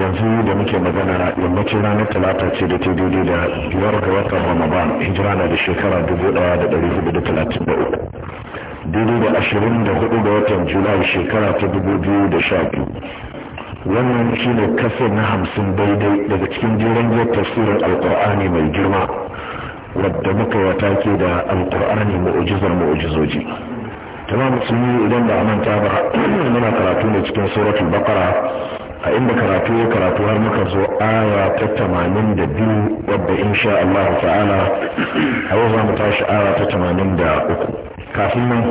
yanzu da muke magana yammacin ranar talata ce da ta daidai da biyar ga watan ramadan hijira na da shekara dubu daya da dari hudu da talatin da uku daidai da ashirin da hudu da watan julai shekara ta dubu biyu da sha biyu wannan shi ne kasar na hamsin daidai daga cikin jiran yadda tafsirin alkur'ani mai girma wadda muka wata ke da alkur'ani mu'ujizar mu'ujizoji tama yi idan ba a manta ba muna karatu ne cikin suratul bakara a inda karatu ya karatu har muka zo aya ta tamanin da biyu wadda insha Allah ta'ala a yau za mu tashi aya ta tamanin da uku kafin nan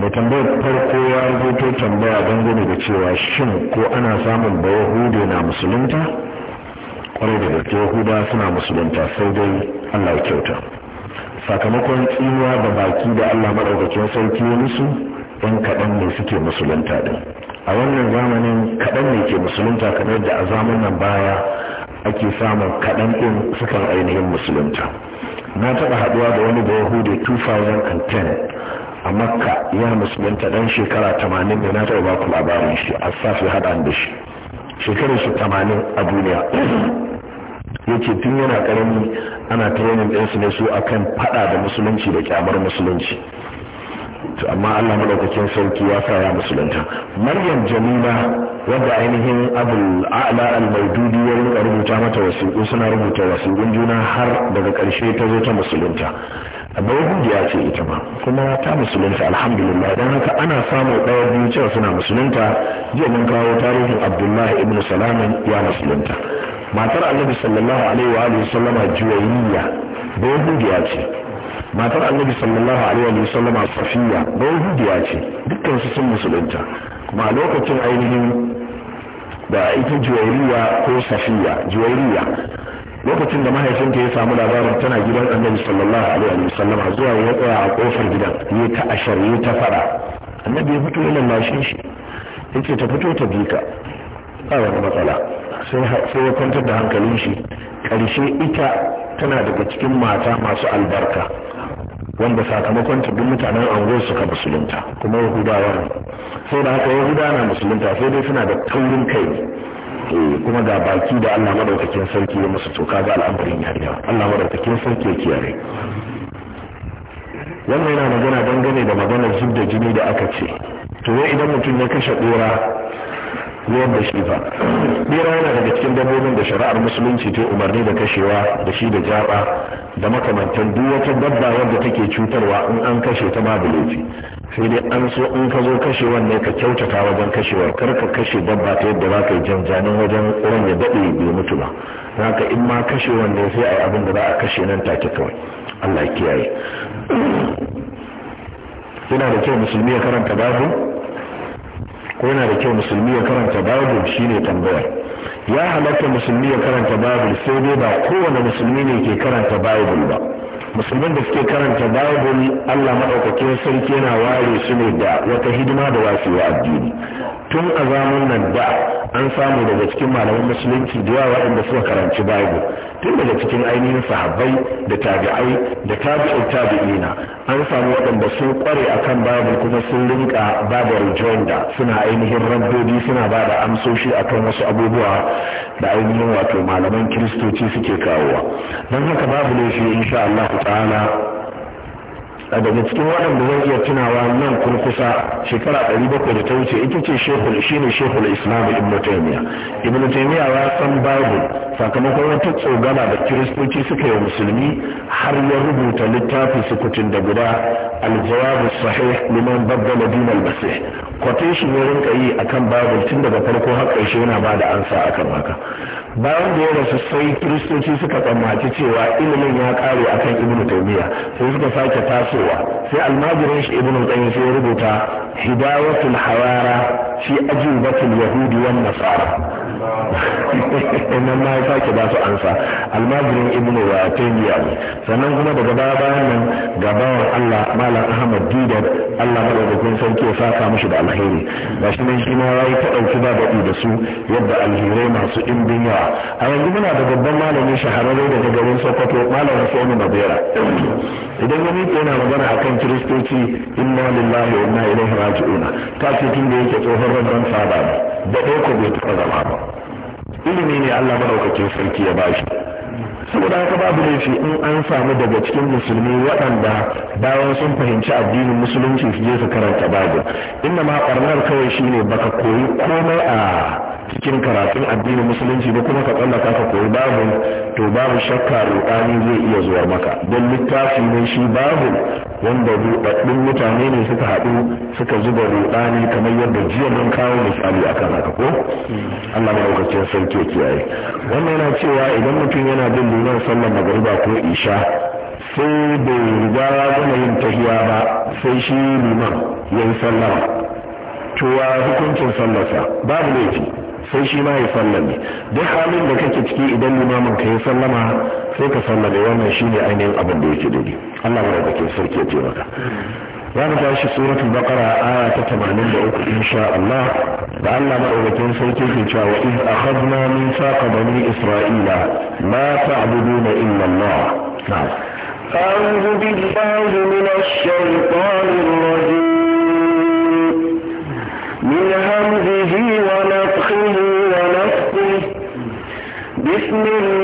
mai tambayar farko ya rubuto tambaya dangane da cewa shin ko ana samun Hude na musulunta kwarai da gaske yahuda suna musulunta sai dai Allah kyauta sakamakon tsinuwa da baki da Allah maɗaukakin sarki wani su, ɗan kaɗan ne suke musulunta ɗin a wannan zamanin kaɗan ne ke musulunta kamar da a zamanin baya ake samun kaɗan ɗin sukan ainihin musulunta na taɓa haɗuwa da wani da yahudi 2010 a makka ya musulunta dan shekara 80 ne na taɓa baku labarin shi a safi haɗan da shi shekarar su 80 a duniya yake tun yana ƙarami ana training ɗinsu ne su akan faɗa da musulunci da kyamar musulunci to amma Allah madaukakin sarki ya sa ya musulunta Maryam Jamila wadda ainihin Abul A'la al-Maududi ya rubuta mata wasiƙu suna rubuta wasiƙun juna har daga ƙarshe ta zo ta musulunta amma yahudiya ce ita ma kuma ta musulunta alhamdulillah don haka ana samun ɗaya biyu cewa suna musulunta jiya mun kawo tarihin abdullahi ibn salamin ya musulunta matar annabi sallallahu alaihi wa sallama juwayiyya da ce matar annabi sallallahu alaihi wa sallam safiya da ce dukkan su sun musulunta kuma a lokacin ainihin da ita juwairiya ko safiya juwairiya lokacin da mahaifinta ya samu labarin tana gidan annabi sallallahu alaihi wa sallam zuwa ya tsaya a kofar gidan ya ta ashar ya ta fara annabi ya fito ya lallashe shi yace ta fito ta bika ba wani matsala sai ya kwantar da hankalin shi ƙarshe ita tana daga cikin mata masu albarka wanda sakamakon duk mutanen angon suka musulunta kuma yahudawa sai da haka yahudawa na musulunta sai dai suna da taurin kai eh, kuma ga baki da Allah madaukakin sarki ya musu toka ga al'amarin yariya Allah madaukakin sarki ya kiyare wannan yana magana dangane da maganar zub da jini da aka ce to idan mutum ya kashe ɗora. ruwan da shi ba bera yana daga cikin dabbobin da shari'ar musulunci ta umarni da kashewa da shi da jaba da makamantan duk wata dabba wadda take cutarwa in an kashe ta ma laifi sai dai an so in ka zo kashewan ne ka kyautata wajen kashewar kar ka kashe dabba ta yadda za ka yi janjanin wajen ran ya daɗe bai mutu ba haka in ma kashewan ne sai a yi abin da za a kashe nan take kawai Allah ya kiyaye yana da kyau musulmi ya karanta babu ko yana da kyau musulmi ya karanta shi shine tambayar ya halatta musulmi ya karanta babu sai dai ba kowane musulmi ne ke karanta babu ba musulman da suke karanta babul allah maɗaukakin sarki yana ware su ne da wata hidima da wasewa addini tun a zamanin nan da an samu daga cikin malaman musulunci da yawa waɗanda suka karanci babul tun daga cikin ainihin sahabbai da tabi'ai da tabi'in tabi'ina an samu waɗanda sun kware akan babul kuma sun rinka babu rejoinder suna ainihin rabbobi suna ba da amsoshi akan wasu abubuwa da ainihin wato malaman kiristoci suke kawowa don haka babu laifi insha Allah ta'ala a daga cikin waɗanda zan iya tunawa nan kurkusa shekara ɗari bakwai da ta wuce ita ce shekul shi ne shekul islam ibn taymiya ibn taymiya ya san bible sakamakon wata tsogana da kiristoci suka yi musulmi har ya rubuta littafi sukutun da guda aljawabu sahih liman babbala din al-basih quotation ya rinka yi akan bible tun daga farko har ƙarshe yana ba da ansa kan haka bayan da ya rasu sai kiristoci suka tsammaci cewa ilimin ya ƙare akan ibn taymiya sai suka sake taso هو في المدرج ابن القيم في ربطة هداية الحوارة في أجوبة اليهود والنصارى nan ma ya sake ba su ansa almajirin ibnu wa taymiya ne sannan kuma daga baya bayan nan ga bawan Allah malam Ahmad Didar Allah madaukakin sarki ya saka mushi da alheri gashi nan shi ma yayi ta dauki ba daɗi da su yadda alherai masu dimbin yawa a yanzu muna da babban malami shahararre daga garin Sokoto malam Hussein Mabera idan wani yana magana akan kiristoci inna lillahi wa inna ilaihi raji'una ta ce tun da yake tsohon rabban saba ne da ɗaya ko bai taɓa zama ba ilimi ne Allah madaukakin sarki ya bashi saboda haka babu laifi in an samu daga cikin musulmi waɗanda bayan sun fahimci addinin musulunci su je su karanta babu inda ma ɓarnar kawai shine baka koyi komai a cikin karatun addinin musulunci ba kuma ka tsallaka ka koyi babu to babu shakka ruɗani zai iya zuwa maka don littafi ne shi babu wanda rudaddun mutane ne suka haɗu suka zuba ruɗani kamar yadda jiya mun kawo misali kan haka ko Allah maɗaukacin sarki ya kiyaye wannan yana cewa idan mutum yana bin lunar sallar magariba ko isha sai bai riga ya gama yin tahiya ba sai shi liman ya sallah to wa hukuncin sallarsa babu laifi sai shi ma ya sallame duk halin da kake ciki idan limamin ka ya sallama sai ka sallame wannan shine ainihin abin da yake dole Allah ya rabake sarki ya taimaka za mu tashi suratul baqara aya ta 83 insha Allah da Allah madaukakin sarki ke cewa wa iz akhadna mithaqa bani isra'ila ma ta'buduna illa Allah أعوذ بالله من الشيطان الرجيم من همزه بسم الله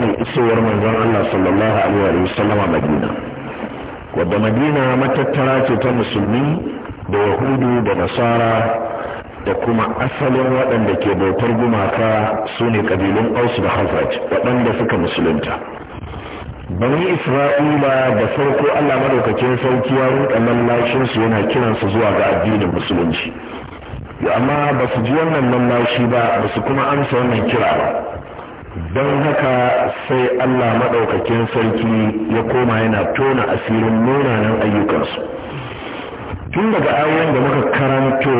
bayanin isowar manzon Allah sallallahu alaihi wa sallama Madina wadda Madina matattara ce ta musulmi da yahudu da nasara da kuma asalin waɗanda ke bautar gumaka su ne ƙabilun aus da hazrat waɗanda suka musulunta bani isra'ila da farko allah madaukakin sauki ya rinka su yana kiran su zuwa ga addinin musulunci amma ba su ji wannan lallashi ba ba su kuma amsa wannan kira ba don haka sai Allah maɗaukakin sarki ya koma yana tona asirin munanan ayyukansu tun daga ayoyin da muka karanto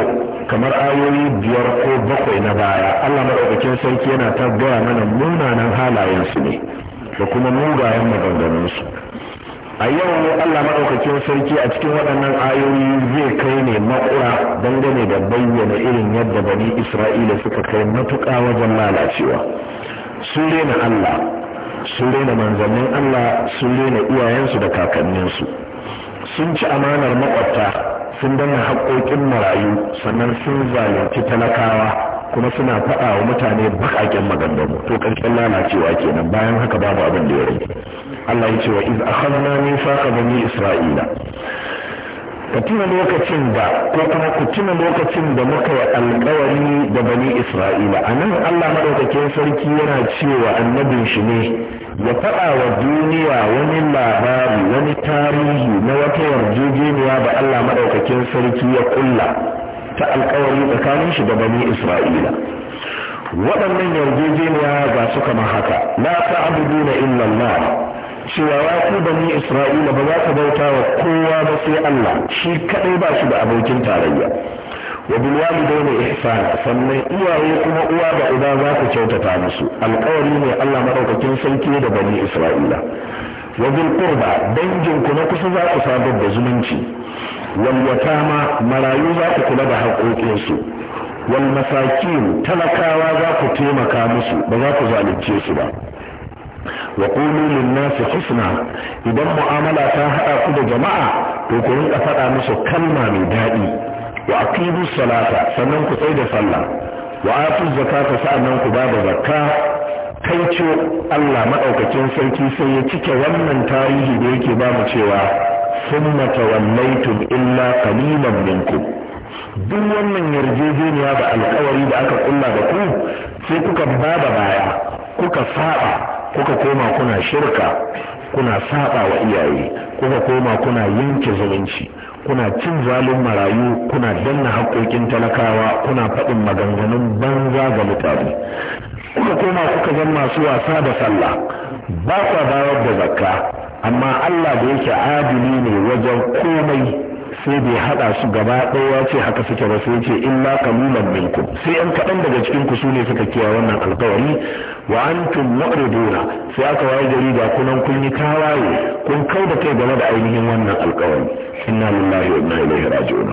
kamar ayoyi biyar ko bakwai na baya Allah maɗaukakin sarki yana ta gaya mana munanan halayensu ne da kuma mugayen maganganunsu a yau Allah maɗaukakin sarki a cikin waɗannan ayoyi zai kai ne makura dangane da bayyana irin yadda bani Isra'ila suka kai matuƙa wajen lalacewa. sun rena Allah sun rena manzannin Allah sun rena iyayensu da kakanninsu sun ci amanar makwabta sun danna haƙoƙin marayu sannan sun zalunci talakawa kuma suna faɗa wa mutane baƙaƙen maganganu to ƙarshen lalacewa kenan bayan haka babu abin da ya rage Allah ya ce wa iz akhadna mithaqa bani isra'ila ka tuna lokacin da ko kuma ku tuna lokacin da muka yi alkawari da bani isra'ila a nan allah maɗaukakin sarki yana cewa annabin shi ne ya faɗa wa duniya wani labari wani tarihi na wata yarjejeniya da allah maɗaukakin sarki ya kulla ta alkawari tsakanin shi da bani isra'ila waɗannan yarjejeniya ga su kamar haka la ta'budu na illallah cewa ya ku bani isra'ila ba za ka bauta wa kowa ba sai Allah shi kadai ba shi da abokin tarayya wa bil walidaini ihsana sannan iyaye kuma uwa da uba za ku kyautata musu alƙawari ne Allah madaukakin sarki da bani isra'ila wa bil qurba dangin ku na kusa za ku sabar da zumunci wal yatama marayu za ku kula da haƙoƙinsu wal masakin talakawa za ku taimaka musu ba za ku zalunce su ba wa qulu lin nasi husna idan mu'amala ta haɗa ku da jama'a to ku rinka faɗa musu kalma mai daɗi wa aqimu salata sannan ku tsaya da sallah wa atu zakata sannan ku ba da zakka kai ce Allah madaukakin sarki sai ya cike wannan tarihi da yake ba mu cewa summa tawallaytum illa qalilan minkum duk wannan yarjejeniya da alkawari da aka kulla da ku sai kuka bada baya kuka saba kuka koma kuna shirka kuna saba wa iyaye kuka koma kuna yanke zumunci kuna cin zalun marayu kuna danna haƙoƙin talakawa kuna faɗin maganganun banza ga mutane kuka koma kuka zan masu wasa da sallah ba kwa bayar da zakka amma Allah da yake adili ne wajen komai sai bai haɗa su gaba ɗaya ce haka suke ba sai ce illa qalilan minkum sai yan kaɗan daga cikin ku sune suka kiyaye wannan alƙawari wa antum mu'riduna sai aka waye jarida ga kunan kun yi tawaye kun kauda kai game da ainihin wannan alƙawari inna lillahi wa inna ilaihi raji'un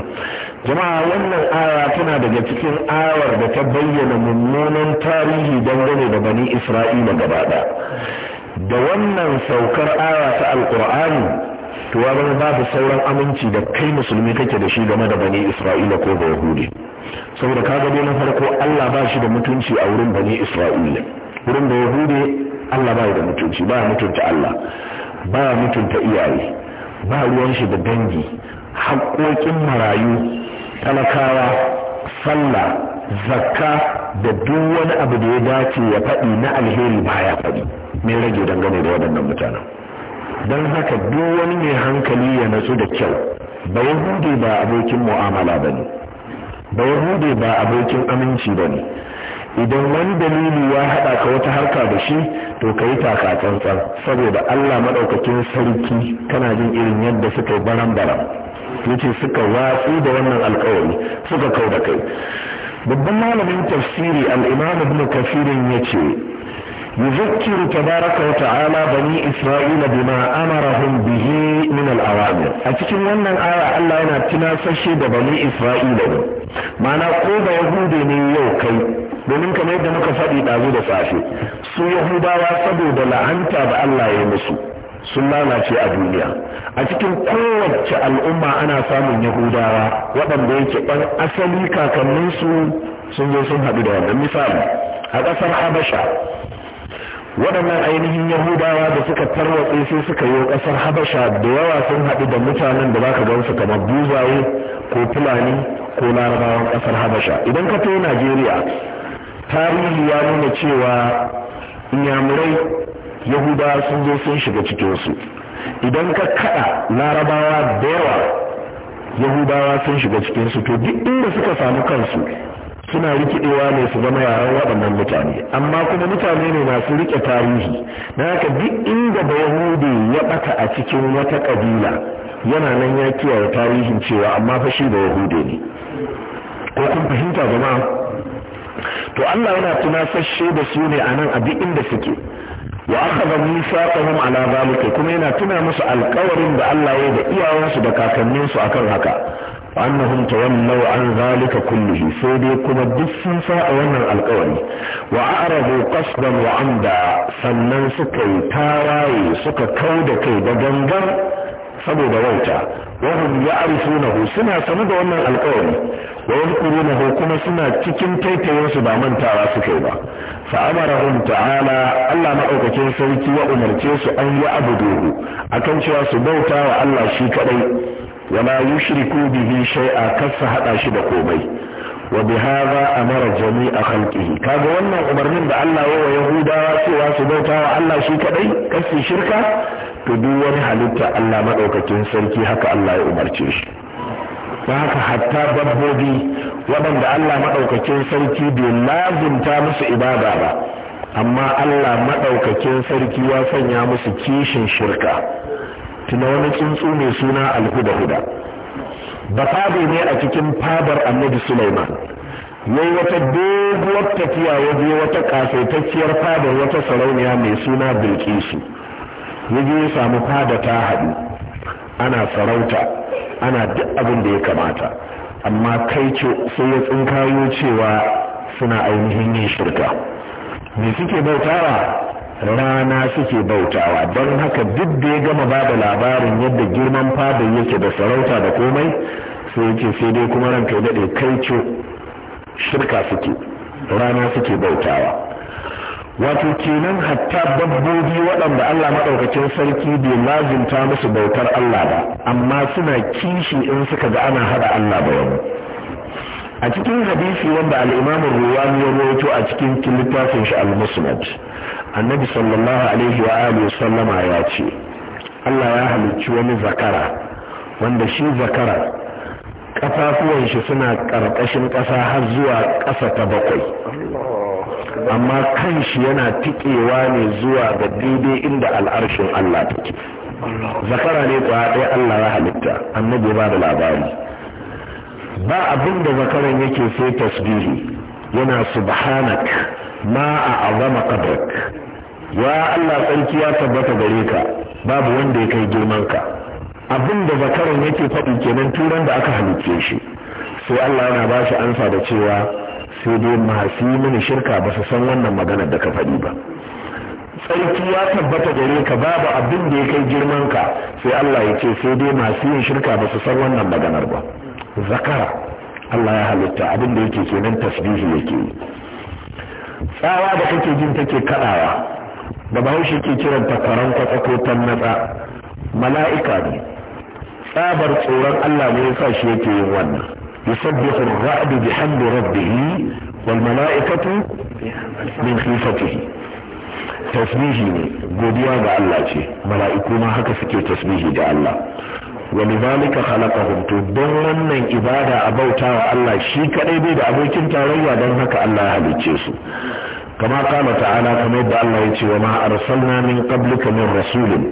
jama'a wannan aya tana daga cikin ayar da ta bayyana mummunan tarihi dangane da bani isra'ila gaba da wannan saukar aya ta alkur'ani to ya zama babu sauran aminci da kai musulmi kake da shi game da bani isra'ila ko ba yahudi saboda ka gado na farko allah ba shi da mutunci a wurin bani isra'ila wurin da yahudi allah ba da mutunci ba mutunta allah ba mutunta iyaye ba ruwan shi da dangi haƙoƙin marayu talakawa sallah zakka da duk wani abu da ya dace ya faɗi na alheri ba ya faɗi mai rage dangane da waɗannan mutanen don haka duk wani mai hankali ya natsu da kyau ba yahudi ba abokin mu'amala ba ne ba yahudi ba abokin aminci ba ne idan wani dalili ya haɗa ka wata harka da shi to ka yi taka tsantsan saboda allah maɗaukakin sarki kana jin irin yadda suka yi baran baran yace suka watsi da wannan alkawari suka kau da kai babban malamin tafsiri al'imam ibn kafirin ya ce يذكر تبارك وتعالى بني إسرائيل بما أمرهم به من الأوامر أتكلم أن آية الله أنا تنافشي بني إسرائيل معنى قوبة ne من يوكي domin kamar yadda muka faɗi ɗazu da safe su yahudawa saboda la'anta da Allah ya musu sun lalace a duniya a cikin kowace al'umma ana samun yahudawa waɗanda yake ɗan asali kakanninsu sun zo sun haɗu da wannan misali a ƙasar habasha waɗannan ainihin yahudawa da suka tarwatse sai suka yi ƙasar habasha da yawa sun haɗu da mutanen da zaka gansu kamar buzaye ko fulani ko larabawan ƙasar habasha idan ka tafi najeriya tarihi ya nuna cewa inyamurai yahudawa sun zo sun shiga cikinsu idan ka kaɗa larabawa da yawa yahudawa sun shiga cikinsu to duk inda suka samu kansu suna rikidewa ne su zama yaran waɗannan mutane amma kuma mutane ne masu rike tarihi na haka duk inda da yahudi ya ɓata a cikin wata ƙabila yana nan ya kiyaye tarihin cewa amma fa shi da yahudi ne ko kun fahimta jama'a to Allah yana tunasashe da su ne a nan a duk inda suke wa ta hum ala zalika kuma yana tuna musu alƙawarin da Allah ya da iyawansu da kakanninsu akan haka wa annahum tawallaw an zalika kullihi sai dai kuma duk sun sa a wannan alkawari wa a'rabu qasdan wa amda sannan suka yi taraye suka kauda kai da gangan saboda wauta wahum ya'rifunahu suna sanu da wannan alkawari wa yadhkurunahu kuma suna cikin taitayensu ba mantawa suka yi ba fa amarahum ta'ala Allah madaukakin sarki ya umarce su an yi abuduhu akan cewa su bauta wa Allah shi kadai wala yushriku shai a kasa haɗa shi da komai wa bihadha amara jami'a khalqihi kaga wannan umarnin da Allah ya wa yahudawa cewa su bauta wa Allah shi kadai kasu shirka to duk wani halitta Allah madaukakin sarki haka Allah ya umarce shi don haka hatta dabbobi waɗanda Allah maɗaukakin sarki bai lazimta musu ibada ba amma Allah maɗaukakin sarki ya sanya musu kishin shirka tuna wani tsuntsu mai suna alhuda-huda bafabe ne a cikin fadar annabi Sulaiman yayi wata doguwar tafiya waje wata kasaitacciyar fadar wata sarauniya mai suna Bilkisu yaje ya samu fada ta haɗu ana sarauta ana duk abin da ya kamata amma kai ce sai ya tsinkayo cewa suna ainihin yin shirka me suke bautawa rana suke bautawa don haka duk da ya gama ba da labarin yadda girman fada yake da sarauta da komai sai yake sai dai kuma ranka ya daɗe kai ce shirka suke rana suke bautawa wato kenan hatta dabbobi waɗanda Allah maɗaukacin sarki bai lazimta musu bautar Allah ba amma suna kishi in suka ga ana haɗa Allah bayan a cikin hadisi wanda al'imamin ruwani ya rawaito a cikin littafin shi al-musnad annabi sallallahu alaihi wa alihi sallama ya ce Allah ya halicci wani zakara wanda shi zakara kafafuwan shi suna karkashin ƙasa har zuwa ƙasa ta bakwai amma kan shi yana tikewa ne zuwa ga daidai inda al'arshin Allah take zakara ne kwa ɗaya Allah ya halitta annabi ba da labari ba abin da zakaran yake sai tasbihi yana subhanak ma a azama qadrak ya Allah sarki ya tabbata gare ka babu wanda ya kai girman ka abin da zakaran yake faɗi kenan turan da aka halicce shi sai Allah yana ba shi ansa da cewa sai dai masu yi mini shirka ba su san wannan maganar da ka faɗi ba tsarki ya tabbata gare ka babu abin da ya kai girman ka sai Allah ya ce sai dai masu yin shirka ba su san wannan maganar ba zakara Allah ya halitta abin da yake kenan tasbihi yake yi tsawa da kake jin take kaɗawa da bahaushe ke kiran ta faran kwatsa ko tannatsa mala'ika ne tsabar tsoron Allah ne yasa shi yake yin wannan yusabbihu ar-ra'du bihamdi rabbih wal mala'ikatu min khifatihi tasbihi ne godiya ga Allah ce mala'iku ma haka suke tasbihi da Allah wani zalika khalaqahum to don wannan ibada a bautawa Allah shi kadai bai da abokin tarayya don haka Allah ya halicce su kama kama ta'ala kamar yadda Allah ya ce wa ma arsalna min qablika min rasulin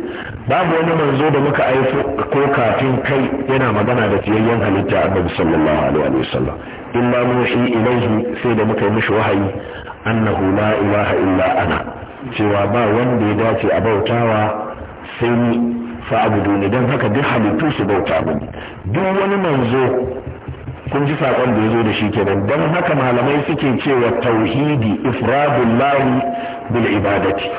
babu wani manzo da muka aiko ko kafin kai yana magana da tiyayyen halitta Annabi sallallahu alaihi wa illa nuhi ilaihi sai da muka yi mishi wahayi annahu la ilaha illa ana cewa ba wanda ya dace a bautawa sai ni fa abudu ne don haka duk halittu su bauta mini duk wani manzo kun ji sakon da ya zo da shi kenan don haka malamai suke cewa tauhidi ifradullahi bil ibadati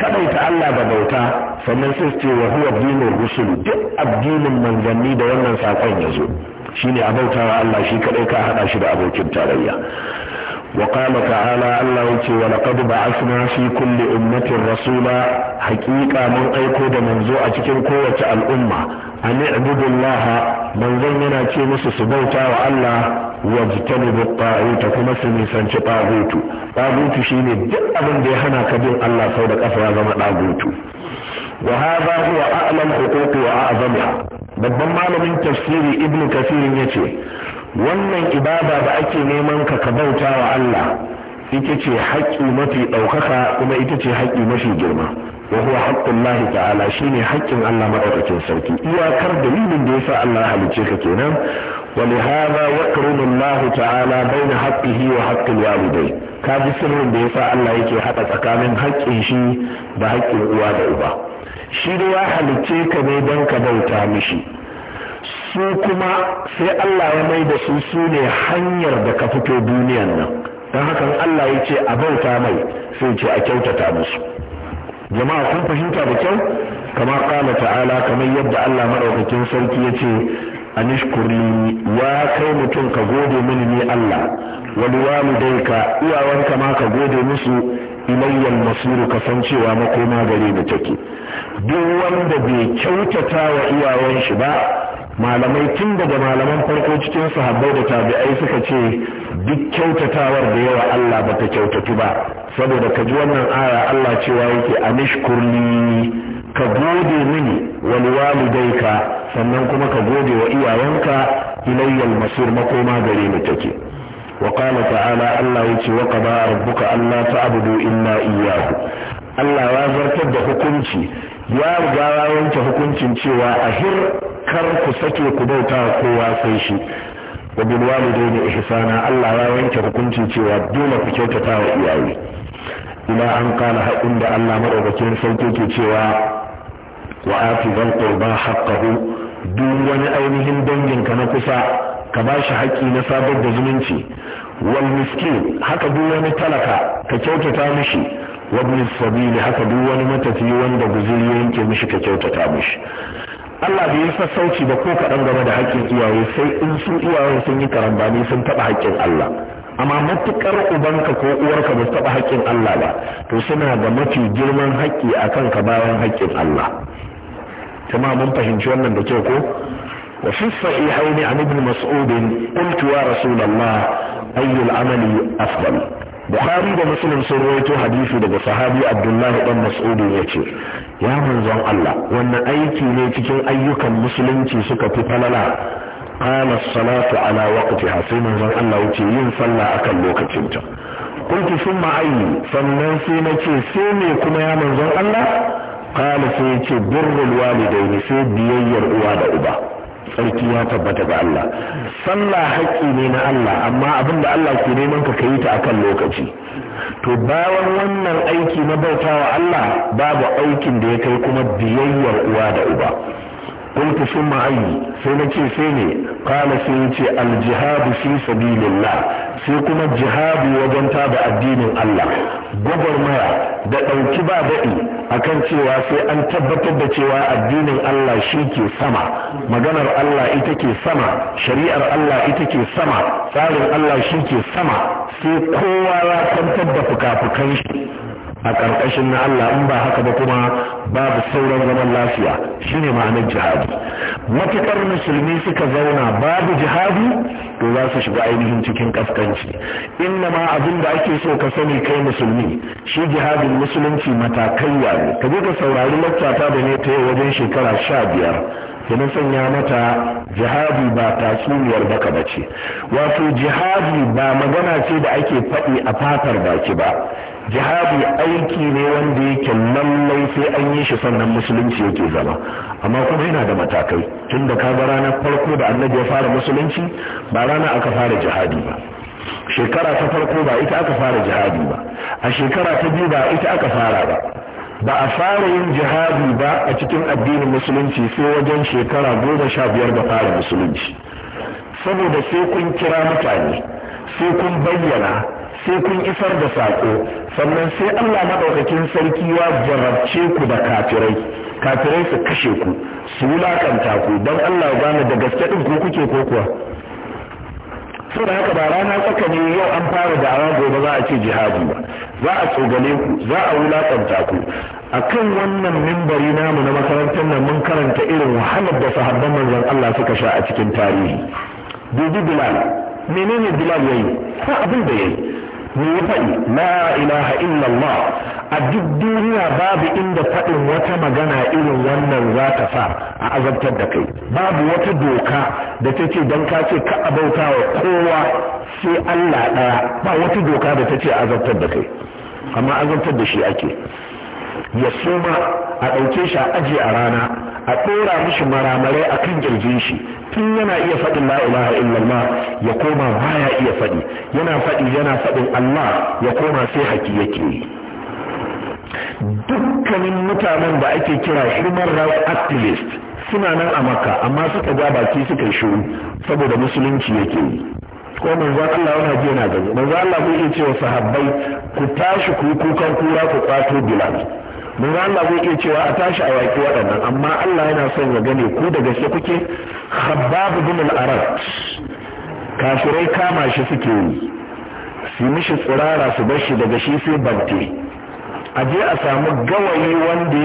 kadaita Allah da bauta sannan sai ce wa huwa dinur rusul duk addinin manzanni da wannan sakon ya zo shine a bautawa Allah shi kadai ka hada shi da abokin tarayya وقال تعالى الله يتي ولقد بعثنا في كل أمة رسولا حقيقة من أيكود منزوعة كن قوة الأمة أن اعبدوا الله من ظننا كيمس سبوتا وألا واجتنبوا الطاغوت كما سنسان طاغوت طاغوت شيني دق من دهنا كبير الله سودك أفراد ما طاغوت وهذا هو أعلى الحقوق وأعظمها babban malamin tafsiri ibnu kasirin ya ce wannan ibada da ake neman ka ka bauta wa Allah ita ce haƙƙi mafi ɗaukaka kuma ita ce haƙƙi mafi girma wa huwa haqqullahi ta'ala shine haƙƙin Allah madaukakin sarki iyakar dalilin da yasa Allah halice ka kenan wa li hadha yaqrubu Allah ta'ala baina haqqihi wa haqqil walidai ka ji sirrin da yasa Allah yake haɗa tsakanin haƙƙin shi da haƙƙin uwa da uba shi da ya halice ka ne don ka bauta mishi su kuma sai Allah ya mai da su su ne hanyar da ka fito duniyan nan don hakan Allah ya ce a bauta mai sai ce a kyautata musu jama'a kun fahimta da kyau kama kala ta'ala kamar yadda Allah maɗaukakin sarki ya ce a nishkuri ya kai mutum ka gode mini ne Allah wani walidai iyawanka ma ka gode musu ilayyal masiru kasancewa makoma gare da take duk wanda bai kyautata wa iyawan shi ba malamai tun daga malaman farko cikin sahabbai da tabi'ai suka ce duk kyautatawar da yawa Allah bata kyautatu ba saboda ka ji wannan aya Allah cewa yake anishkurli ka gode mini wani ka sannan kuma ka gode wa iyayenka ilayyal masir makoma gare mu take wa qala ta'ala Allah yace wa qada rabbuka alla ta'budu illa iyyahu Allah ya zartar da hukunci ya riga ya wanke hukuncin cewa a hir kar ku sake ku bauta kowa sai shi wa bil walidaini ihsana Allah ya wanke hukuncin cewa dole ku kyautata wa iyaye ila an kana haƙin da Allah madaukakin sarki ke cewa wa ati dal qurba haqqahu duk wani ainihin dangin ka na kusa ka ba shi haƙƙi na sabar da zumunci wal miskin haka duk wani talaka ka kyautata mishi wabin sabili haka duk wani matafi wanda guzuri yanke mishi ka kyautata mishi Allah bai yi sassauci ba ko kaɗan game da haƙƙin iyaye sai in su iyayen sun yi karambani sun taɓa haƙƙin Allah amma matuƙar ubanka ko uwarka ba su taɓa haƙƙin Allah ba to suna da mafi girman haƙƙi a ka bayan haƙƙin Allah kuma mun fahimci wannan da kyau ko وفي الصحيحين عن ابن مسعود قلت يا رسول الله أي amali أفضل bukhari da muslim sun rawaito hadisi daga sahabi abdullahi dan mas'udi ya ce ya manzon allah wannan aiki ne cikin ayyukan musulunci suka fi falala kana salatu ala waqtiha sai manzon allah yace yin sallah akan lokacinta kuntu summa ayi sannan sai nace sai me kuma ya manzon allah kana sai yace birrul walidaini sai biyayyar uwa da uba sarki ya tabbata ga Allah sallah haƙƙi ne na Allah amma abin da Allah ke neman ka kai ta akan lokaci to bayan wannan aiki na bautawa Allah babu aikin da ya kai kuma biyayyar uwa da uba قلت ثم أي سنتي سيني قال سينتي الجهاد sabilillah sai kuma jihadi wajen وجنتاب addinin Allah. gobar mara da ɗauki ba daɗi a kan cewa sai an tabbatar da cewa addinin Allah shi ke sama maganar Allah ita ke sama shari'ar Allah ita ke sama tsarin Allah shi ke sama sai kowa ya kwantar da fuka-fukan shi a ƙarƙashin na Allah in ba haka ba kuma babu sauran zaman lafiya shine ma'anar jihadi matuƙar musulmi suka zauna babu jihadi to za su shiga ainihin cikin ƙaskanci inna ma abin da ake so ka sani kai musulmi shi jihadin musulunci matakaiya ne ka saurari laccata da ne ta yau wajen shekara sha biyar ya sanya mata jihadi ba tatsuniyar baka ba ce wato jihadi ba magana ce da ake faɗi a fatar baki ba jihadi aiki ne wanda yake lallai sai an yi shi sannan musulunci yake zama amma kuma yana da matakai tun da kaga ranar farko da annabi ya fara musulunci ba rana aka fara jihadi ba shekara ta farko ba ita aka fara jihadi ba a shekara ta biyu ba ita aka fara ba ba a fara yin jihadi ba a cikin addinin musulunci sai wajen shekara goma sha biyar da fara musulunci saboda sai kun kira mutane sai kun bayyana sai kun isar da saƙo sannan sai allah maɗaukakin sarki ya jarabce ku da kafirai kafirai su kashe ku su wulakanta ku don allah ya gane da gaske ɗin ko kuke ko kuwa so da haka ba rana tsaka ne yau an fara da'awa gobe za a ce jihadi ba za a tsogale ku za a wulakanta ku A kan wannan mimbari namu na makarantar nan mun karanta irin wahalar da sahabban manzon Allah suka sha a cikin tarihi dubi bilal menene bilal yayi ko abin da yayi ne ya faɗi la ilaha illallah a duk duniya babu inda faɗin wata magana irin wannan za ta sa a azabtar da kai babu wata doka da ta ce don ka ce ka abauta wa kowa sai Allah ɗaya ba wata doka da ta ce azabtar da kai amma azabtar da shi ake ya suma a ɗauke shi a aji a rana a ɗora mishi maramarai a kan ƙirjin shi tun yana iya faɗin la ilaha illallah ya koma baya iya faɗi yana faɗi yana faɗin Allah ya koma sai haki yake yi dukkanin mutanen da ake kira human rights activist suna nan a makka amma suka ga baki suka shiru saboda musulunci yake yi ko manzo Allah yana ji yana gani manzo Allah ko yake cewa sahabbai ku tashi ku kukan kura ku kwato bilal manzo Allah ko yake cewa a tashi a yaki waɗannan amma Allah yana son ya gane ku da gaske kuke khabbab bin al-arab kafirai kama shi suke yi su mishi tsirara su bar shi daga shi sai bante a je a samu gawayi wanda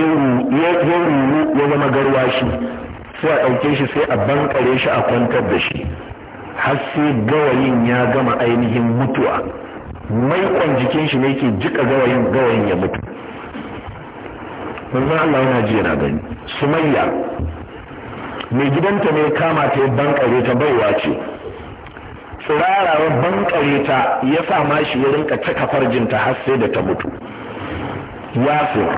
ya ruru ya zama garwashi sai a ɗauke shi sai a bankare shi a kwantar da shi har sai gawayin ya gama ainihin mutuwa maikon jikin shi ne ke jika gawayin gawayin ya mutu manzon Allah yana ji yana gani sumayya mai gidanta ne kama ta ya bankare ta baiwa ce tsirarawar bankare ta ya sa ma shi ya rinka ta kafar jinta har sai da ta mutu ya yatsuwa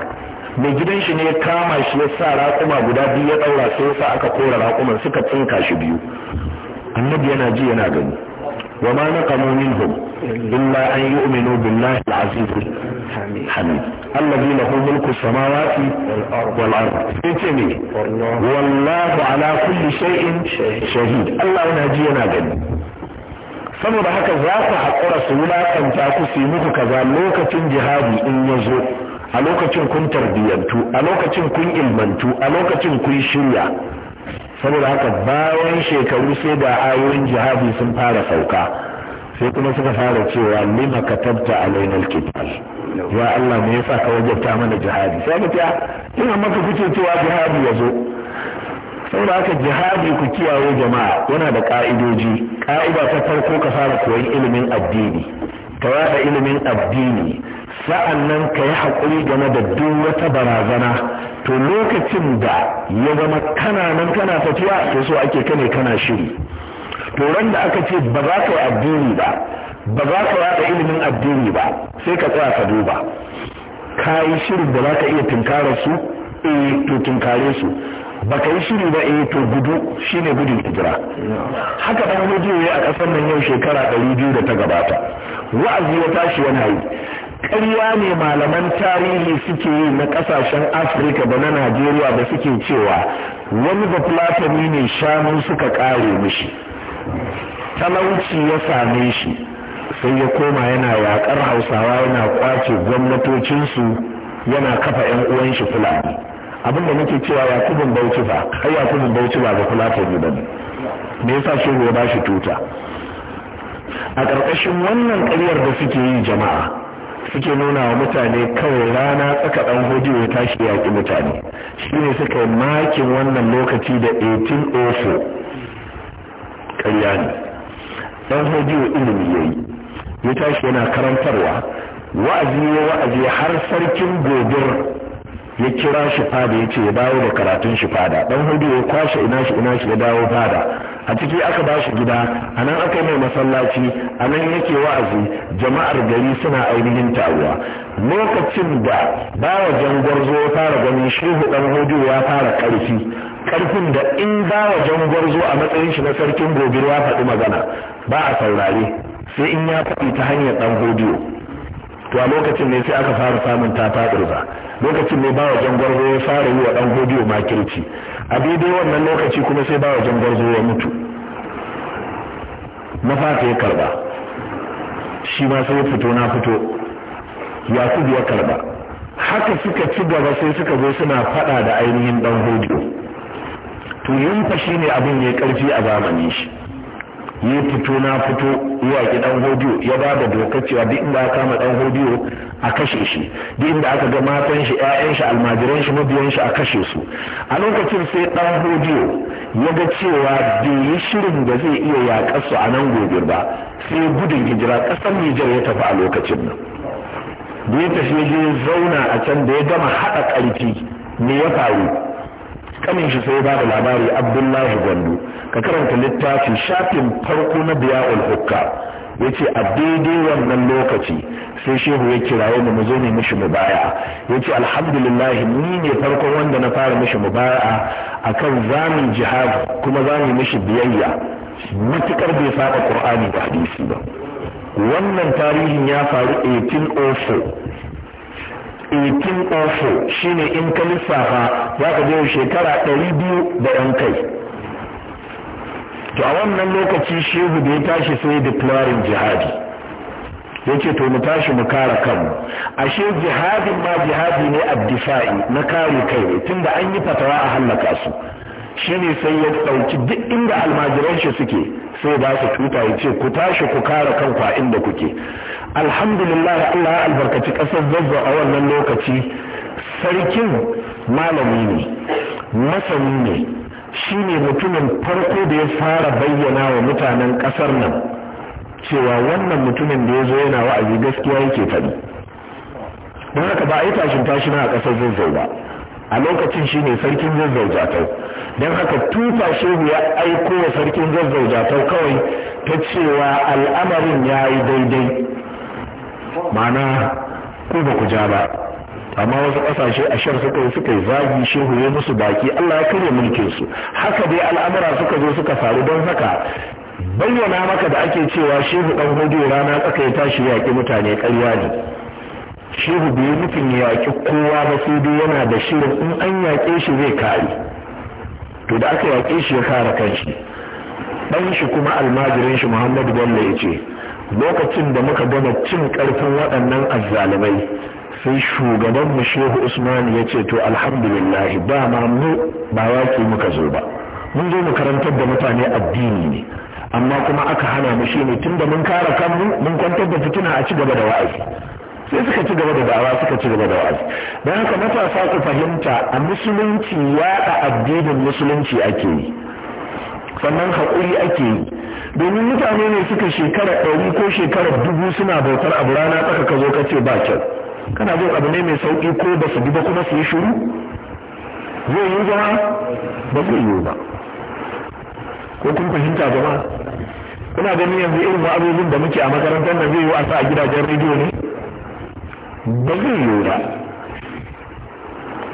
mai gidan shi ne ya kama shi ya sa raƙuma guda biyu ya ɗaura sai ya sa aka kora raƙuma suka tsinka shi biyu annabi yana ji yana gani wa ma naqamu minhum illa an yi yu'minu billahi al-aziz hamid alladhi lahu mulku samawati wal ard yace ne wallahu ala kulli shay'in shahid Allah yana ji yana gani saboda haka za ku haƙura su wulaƙanta ku su yi muku kaza lokacin jihadi in ya zo a lokacin kun tarbiyyantu a lokacin kun ilmantu a lokacin kun shirya saboda haka bayan shekaru sai da ayoyin jihadi sun fara sauka sai kuma suka fara cewa lima a lainar kitar ya Allah me yasa ka wajabta mana jihadi sai mu ah, ina maka kuke cewa jihadi ya zo saboda haka jihadi ku kiyaye jama'a yana da ka'idoji ka'ida ta farko ka fara koyon ilimin addini ka yada ilimin addini sa'annan ka yi haƙuri game da duk wata barazana to lokacin da ya zama kana nan kana fatuwa. to so ake kane kana shiri to ran da aka ce ba za ka yi addini ba ba za ka ilimin addini ba sai ka tsaya ka duba ka yi shirin da za ka iya tunkara su eh to tunkare su baka yi shiri ba e to gudu shi ne gudun hijira haka dan ya a ƙasar nan yau shekara ɗari biyu da ta gabata wa'azi ya tashi yana yi ƙarya ne malaman tarihi suke yi na ƙasashen afirka da na najeriya da suke cewa wani fulatani ne shanu suka ƙare mishi talauci ya same shi sai ya koma yana yaƙar hausawa yana ƙwace gwamnatocinsu yana kafa 'yan uwan shi fulani abin da nake cewa ya kubin bauchi ba ai kubin bauchi ba ga fulatani ba ne me yasa shi ya ba shi tuta a ƙarƙashin wannan ƙaryar da suke yi jama'a suke nuna wa mutane kawai rana tsaka ɗan hudu ya tashi ya ki mutane shine suka yi makin wannan lokaci da 1804 ƙarya ne dan hodiyo ilimi yayi ya tashi yana karantarwa wa'azi ya wa'azi har sarkin gobir ya kira shi fada ya ce ya dawo da karatun shi fada dan hudu ya kwashe ina shi ina shi ya dawo fada a ciki aka ba shi gida a nan aka yi mai masallaci a nan yake wa'azi jama'ar gari suna ainihin taruwa lokacin da ba bawa gwarzo ya fara ganin shehu dan hudu ya fara karfi karfin da in bawa jangwarzo a matsayin shi na sarkin gobir ya faɗi magana ba a saurare sai in ya faɗi ta hanyar dan hudu to a lokacin ne sai aka fara samun ba. lokacin mai bawa jangwarzo ya fara yi wa dan hodiyo makirci a daidai wannan lokaci kuma sai bawa jangwarzo ya mutu na fata ya karba shi ma sai fito na fito yakubu ya karba haka suka ci gaba sai suka zo suna fada da ainihin dan hodiyo to shi ne abin ya karfi a zamanin shi ya fito na fito zuwa ki dan hodiyo ya ba da dokar cewa duk inda aka kama dan hodiyo a kashe shi duk inda aka ga matan shi ƴaƴan shi almajiran shi mabiyan shi a kashe su a lokacin sai dan hodiyo ya ga cewa bai yi shirin da zai iya yaƙar su a nan gobe ba sai gudun hijira ƙasar Nijar ya tafi a lokacin nan da ya tafi je zauna a can da ya gama haɗa ƙarfi me ya faru kamin shi sai ba da labari Abdullahi Gwandu ka karanta littafin shafin farko na biya'ul hukka yace a daidai wannan lokaci sai shehu ya kirawo mu zo ne mishi mubaya yace alhamdulillah ni ne farkon wanda na fara mishi a akan zamin jihad kuma zamin mishi biyayya matukar bai saba qur'ani da hadisi ba wannan tarihin ya faru 1804 1804 shine in ka lissafa za ka je shekara 200 da yan kai to a wannan lokaci shehu da ya tashi sai deklarin jihadi ya ce to mu tashi mu kare kanmu ashe jihadin ma jihadi ne addifa'i na kare kai ne tunda an yi fatawa a hallaka su shine sai ya ɗauki duk inda almajiran shi suke sai ba su tuta ya ce ku tashi ku kare kanku a inda kuke alhamdulillah Allah ya albarkaci ƙasar zazzau a wannan lokaci sarkin malami ne masani ne Shi ne mutumin farko da ya fara bayyana wa mutanen ƙasar nan cewa wannan mutumin da ya zo yana wa'azi gaskiya yake faɗi don haka ba a yi tashin tashina a ƙasar zazzau ba a lokacin shi ne sarkin zazzau jatau don haka tuta shehu ya aiko wa sarkin zazzau jatau kawai ta cewa al'amarin ya yi daidai ma'ana ku ba ku ja ba amma wasu ƙasashe a shar suka yi suka yi zagi shehu ya musu baki Allah ya karya mulkin su haka dai al'amura suka zo suka faru don haka bayyana maka da ake cewa shehu dan hudu rana tsaka ya tashi yaƙi mutane ƙarya ne shehu bai ya yaƙi kowa ba sai dai yana da shirin in an yaƙe shi zai kare to da aka yaƙe shi ya kare kanshi dan shi kuma almajirin shi Muhammadu Bello ya ce lokacin da muka gama cin ƙarfin waɗannan azzalumai sai shugaban mu shehu usman ya ce to alhamdulillah ba ma mu ba waki muka zo ba mun zo mu karantar da mutane addini ne amma kuma aka hana mu shi ne tunda mun kare kanmu mun kwantar da fitina a ci gaba da wa'azi sai suka ci gaba da da'awa suka ci gaba da wa'azi don haka matasa ku fahimta a musulunci yaɗa addinin musulunci ake yi sannan haƙuri ake yi domin mutane ne suka shekara ɗari ko shekara dubu suna bautar abu rana tsaka ka zo ka ce ba kyau kana jin abu ne mai sauki ko ba su bi ba kuma su yi shiru zai yi zama ba zai yi ba ko kun fahimta zama kuna gani yanzu irin abubuwan da muke a makarantar nan zai yi wasa a gidajen rediyo ne ba zai yi ba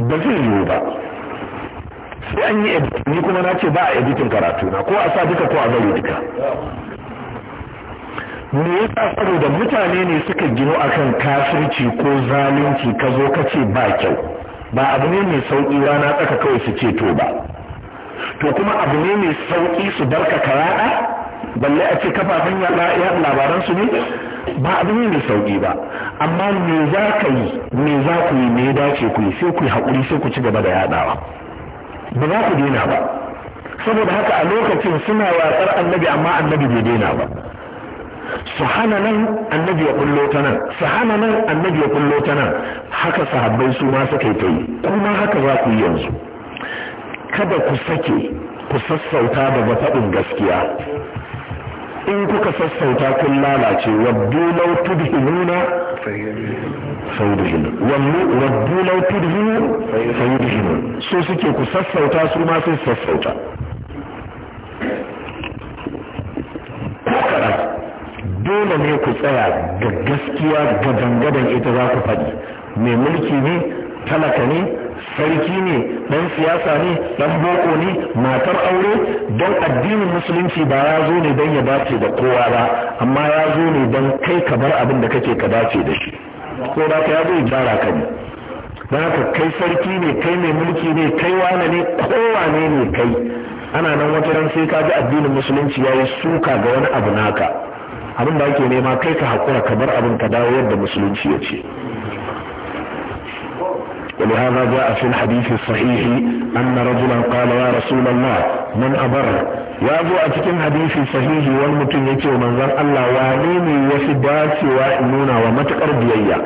ba zai yi ba sai an yi editing ni kuma na ce ba a editin karatu na ko a sa duka ko a zai duka me yasa saboda mutane ne suka gino akan kafirci ko zalunci ka zo ka ce ba kyau ba abu ne mai sauƙi rana tsaka kawai su ce to ba to kuma abu ne mai sauƙi su barka karaɗa balle a ce kafafen yaɗa labaran su ne ba abu ne mai sauƙi ba amma me za ka yi me za ku yi me ya dace ku yi sai ku yi haƙuri sai ku ci gaba da yaɗawa ba za ku daina ba saboda haka a lokacin suna watsar annabi amma annabi bai daina ba su hana nan annabi ya kullo ta nan su hana nan annabi ya kullo ta nan haka sahabbai su ma suka yi ta yi kuma haka za ku yi yanzu kada ku sake ku sassauta da faɗin gaskiya in kuka sassauta kun lalace waddu law tudhinuna fayudhinu wallu waddu law tudhinu fayudhinu so suke ku sassauta su ma sai sassauta dole ne ku tsaya ga gaskiya ga dangadan ita za ku faɗi mai mulki ne talaka ne sarki ne ɗan siyasa ne ɗan boko ne matar aure don addinin musulunci ba ya zo ne don ya dace da kowa ba amma ya zo ne don kai ka bar abin da kake ka dace da shi ko da ka ya zo gyara ka ne don haka kai sarki ne kai mai mulki ne kai wane ne kowane ne kai ana nan wata ran sai ka ji addinin musulunci ya yi suka ga wani abu naka abin da ake nema kai ka haƙura ka bar abin ka dawo yadda musulunci ya ce a جاء hadisi sahihi الصحيح أن رجلا قال يا رسول الله من أبر ya zo a cikin hadisi sahihi wani mutum ya wa manzan Allah wane ne yafi dacewa in nuna wa matukar biyayya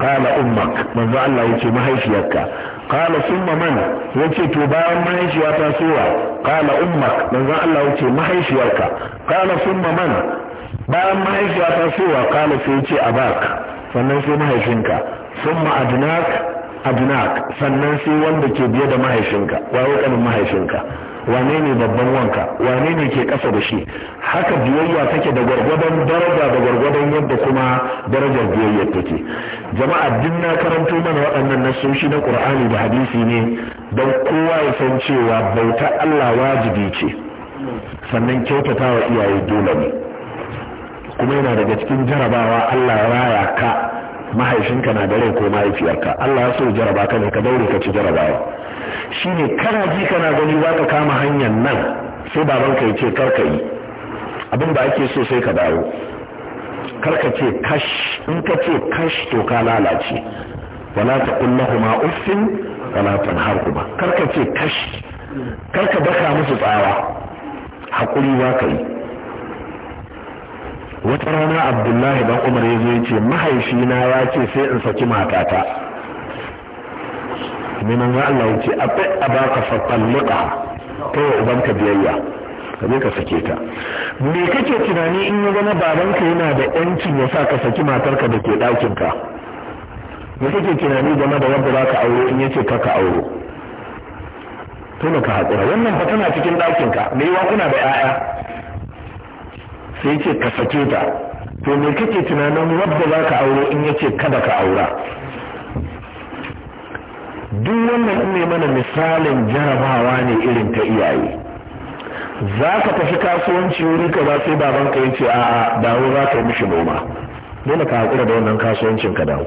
kala ummak manzan Allah yace mahaifiyarka qala summa man yace to bayan mahaifiya ta sowa qala ummak manzan Allah ce mahaifiyarka kala summa man bayan mahaifiya ta so wa kala sai ce a bak sannan sai mahaifinka sun ma adinak sannan sai wanda ke biye da mahaifinka waye kanin mahaifinka wane ne babban wanka wane ne ke kasa da shi haka biyayya take da gwargwadon daraja da gwargwadon yadda kuma darajar biyayya take jama'a duk na karanto mana waɗannan nasoshi na qur'ani da hadisi ne don kowa ya san cewa bauta Allah wajibi ce sannan kyautata wa iyaye dole ne kuma yana daga cikin jarabawa Allah raya ka mahaifinka na da rai ko mahaifiyarka Allah ya so jaraba ka ne ka daure ka ci jarabawa shine kana ji kana gani za ka kama hanyar nan sai babanka ya ce karka yi abin da ake so sai ka dawo karka ce kash in ka ce kash to ka lalace wala kulla lahumu uffin wala tanharhuma karka ce kash karka baka musu tsawa hakuri za ka yi wata rana abdullahi dan umar ya zo ya ce na ya ce sai in saki matata neman za Allah ya ce a baka fatallaka yi wa ubanka biyayya ka zai ka sake ta me kake tunani in ya zama babanka yana da yancin ya sa ka saki matarka da ke ɗakinka? me kake tunani game da wanda za ka aure in yace ka ka auro tuna ka haƙura wannan ba tana cikin ɗakinka? ka me yawa kuna da 'ya'ya sai ce ka sake ta to me kake tunanin wadda za ka aure in yace kada ka aura duk wannan ne mana misalin jarabawa ne irin ta iyaye za ka tafi kasuwanci wuri ka ba sai babanka ya ce a'a dawo za ka yi mishi noma dole ka haƙura da wannan kasuwancin ka dawo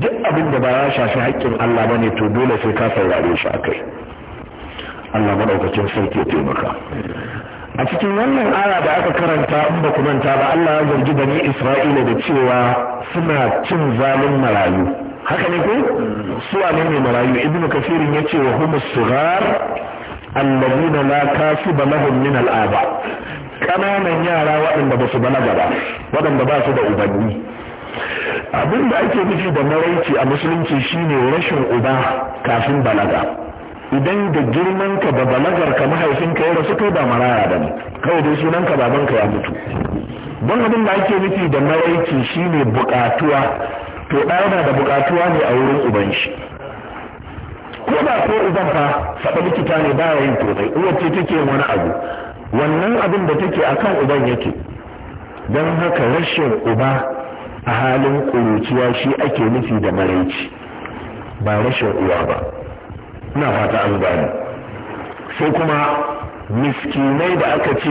duk abin da ba ya shafi haƙƙin Allah bane to dole sai ka saurare shi akai Allah madaukakin sarki ya taimaka a cikin wannan aya da aka karanta in ba manta ba Allah ya zargi bani Isra'ila da cewa suna cin zalin marayu haka ne ko su ne ne marayu ibnu kasirin yace wa humus sughar alladhina la kasiba lahum min al'aba kananan yara waɗanda ba su balaga ba waɗanda ba su da ubanni abin da ake nufi da maraici a musulunci shine rashin uba kafin balaga idan da girman ka da balagar balagarka mahaifinka ya rasu kai ba maraya ba ne kawai dai sunanka babanka ya mutu don abin da ake nufi da maraici shine bukatuwa to ɗa yana da bukatuwa ne a wurin uban shi ko ba ko uban fa faɗa likita ne ba yin komai uwar ce take wani abu wannan abin da take akan uban yake don haka rashin uba a halin ƙuruciya shi ake nufi da maraici ba rashin uwa ba ina fata an gane sai kuma miskinai da aka ce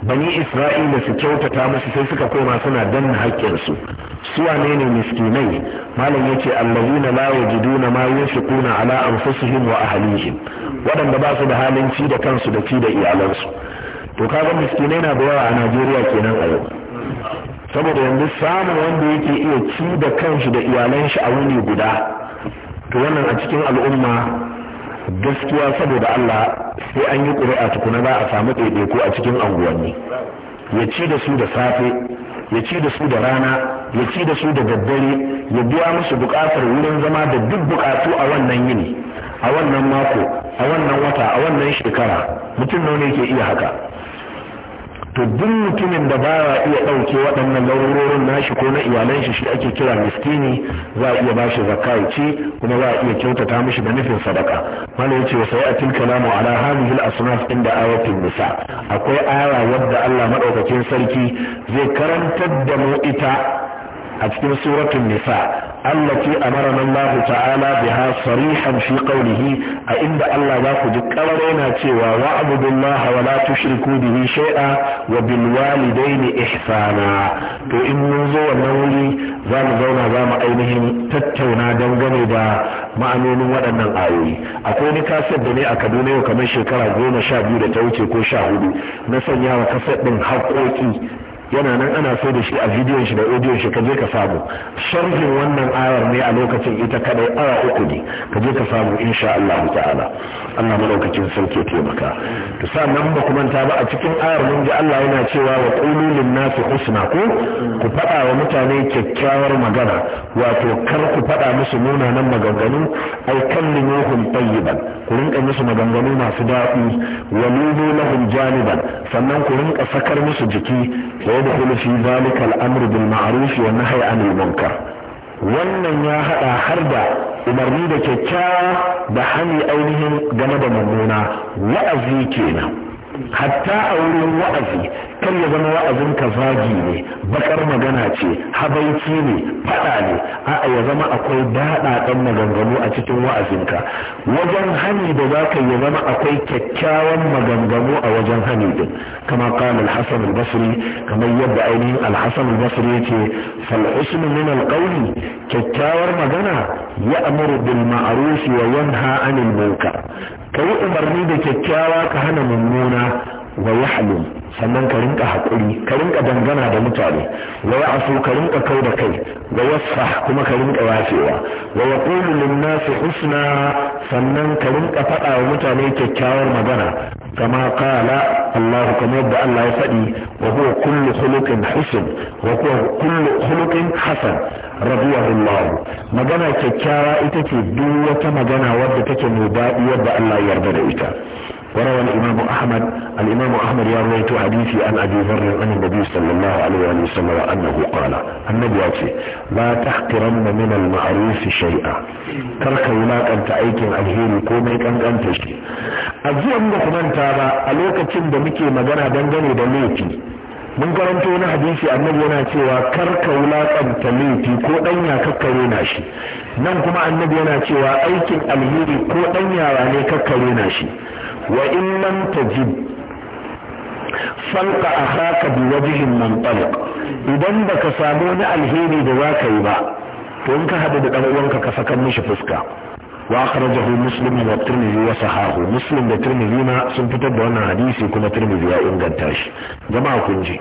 bani isra'ila su kyautata musu sai suka koma suna danna haƙƙinsu su wane ne miskinai malam yace allazina la yajiduna ma yunfiquna ala anfusihim wa ahlihim wadanda ba su da halin ci da kansu da ci da iyalansu to kaga miskinai na da yawa a Najeriya kenan a yau saboda yanzu samun wanda yake iya ci da kansu da iyalan shi a wuni guda to wannan a cikin al'umma gaskiya saboda Allah sai an yi ƙuri'a tukuna za a samu ɗaiɗaiku a cikin anguwanni ya ci da su da safe ya ci da su da rana ya ci da su da daddare ya biya musu buƙatar wurin zama da duk buƙatu a wannan yini a wannan mako a wannan wata a wannan shekara mutum nawa ne ke iya haka to duk mutumin da baya iya ɗauke waɗannan larurorin nashi ko na iyalan shi shi ake kira miskini za a iya bashi zakka ya kuma za a iya kyautata mishi da nufin sadaka mana yace wa sayatil kalamu ala hadhihi al asnaf inda ayatin nisa akwai aya wadda Allah madaukakin sarki zai karantar da mu ita a cikin suratul nisa allati amarana Allah ta'ala biha sarihan fi qawlihi a inda Allah za ku ji karar yana cewa wa'budullaha wa la tushriku bihi shay'a wa bil walidaini ihsana to in mun zo wannan wuri za mu zauna za mu ainihin tattauna dangane da ma'anonin waɗannan ayoyi akwai wani kaset da ne a Kaduna yau kamar shekara goma sha biyu da ta wuce ko sha hudu na sanya wa kaset ɗin haƙoƙi yana nan ana so da shi a bidiyon shi da audio shi ka je ka samu sharhin wannan ayar ne a lokacin ita kadai awa uku ne ka je ka samu insha Allah ta'ala Allah madaukakin sarki taimaka to sannan ba ku manta ba a cikin ayar mun ji Allah yana cewa wa qulu lin nasi husna ko ku faɗa wa mutane kyakkyawar magana wato kar ku faɗa musu munanan maganganu ai kallimuhum tayyiban ku rinka musu maganganu masu daɗi wa lulu lahum janiban sannan ku rinka sakar musu jiki يدخل في ذلك الأمر بالمعروف والنهي عن المنكر wannan ya hada har da umarni da kyakkyawa da hani ainihin game da mummuna wa'azi kenan hatta a wurin wa'azi kar ya zama wa'azin ka zagi ne bakar magana ce habaici ne fada ne a'a ya zama akwai daɗaɗan maganganu a cikin wa'azinka wajen hani da za ka ya zama akwai kyakkyawan maganganu a wajen hani din kama kana Alhassan al-basri kamar yadda ainihin Alhassan al-basri yake fal min kyakkyawar magana ya ya'muru bil ma'ruf wa yanha 'anil munkar kai umarni da kyakkyawa ka hana mummuna wa yahlum sannan ka rinka haƙuri ka rinka dangana da mutane wa ya'fu ka rinka kau da kai wa yasfah kuma ka rinka wafewa wa yaqulu lin nasi husna sannan ka rinka faɗa wa mutane kyakkyawar magana kama qala Allah kuma yadda Allah ya faɗi wa huwa kullu khuluqin husn wa huwa kullu khuluqin hasan Allah magana kyakkyawa ita ce duk wata magana wadda take mai daɗi wadda Allah ya yarda da ita وروى الإمام أحمد الإمام أحمد يروي حديثي عن أبي ذر عن النبي صلى الله عليه وسلم أنه قال النبي أتي لا تحقرن من المعروف شيئا ترك ولاك أنت أيك الهيري كوميك أنت أنت شيء أجي أن نقمان تابا ألوك تند مكي مجانا دنجاني دليتي mun karanto wani hadisi annabi yana cewa kar ka wulakanta laifi ko ɗanya kakkare na shi nan kuma annabi yana cewa aikin alheri ko ɗan yara ne kakkare na shi wa in lam tajid falqa akhaka bi wajhin mantaliq idan baka samu wani alheri da zaka yi ba to in ka hadu da dan uwanka ka saka mishi fuska wa akhrajahu muslim wa tirmidhi wa sahahu muslim da tirmidhi ma sun fitar da wannan hadisi kuma tirmidhi ya inganta shi jama'a kun ji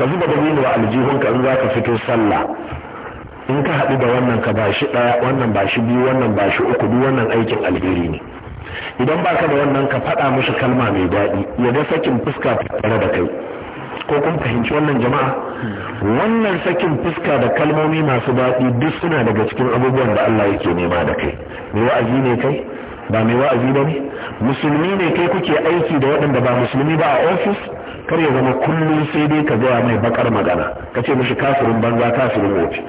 ka zuba da wa aljihun ka in zaka fito sallah in ka hadu da wannan ka ba shi ɗaya wannan ba shi biyu wannan ba shi uku duk wannan aikin alheri ne idan ba ka da wannan ka faɗa mishi kalma mai daɗi ya ga sakin fuska tare da kai ko kun fahimci wannan jama'a wannan sakin fuska da kalmomi masu daɗi duk suna daga cikin abubuwan da Allah yake nema da kai mai wa'azi ne kai ba mai wa'azi ba ne musulmi ne kai kuke aiki da waɗanda ba musulmi ba a ofis kar ya zama kullum sai dai ka gaya mai bakar magana ka ce mishi kafirin banza kafirin wofi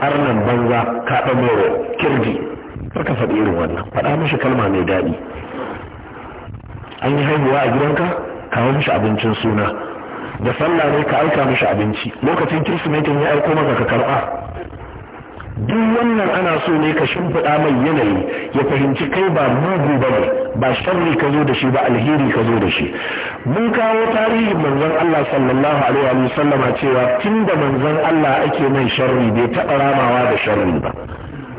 arnan banza kaɗa moro kirji ka faɗi irin wannan faɗa mishi kalma mai daɗi an yi haihuwa a gidanka kawo mishi abincin suna da sallah ne ka aika mishi abinci lokacin kirsimetin ya aiko maka ka karɓa duk wannan ana so ne ka shimfiɗa mai yanayi ya fahimci kai ba mugu ba ne ba sharri ka zo da shi ba alheri ka zo da shi mun kawo tarihin manzon Allah sallallahu alaihi wa sallama cewa tun da manzon Allah ake mai sharri bai taɓa ramawa da sharri ba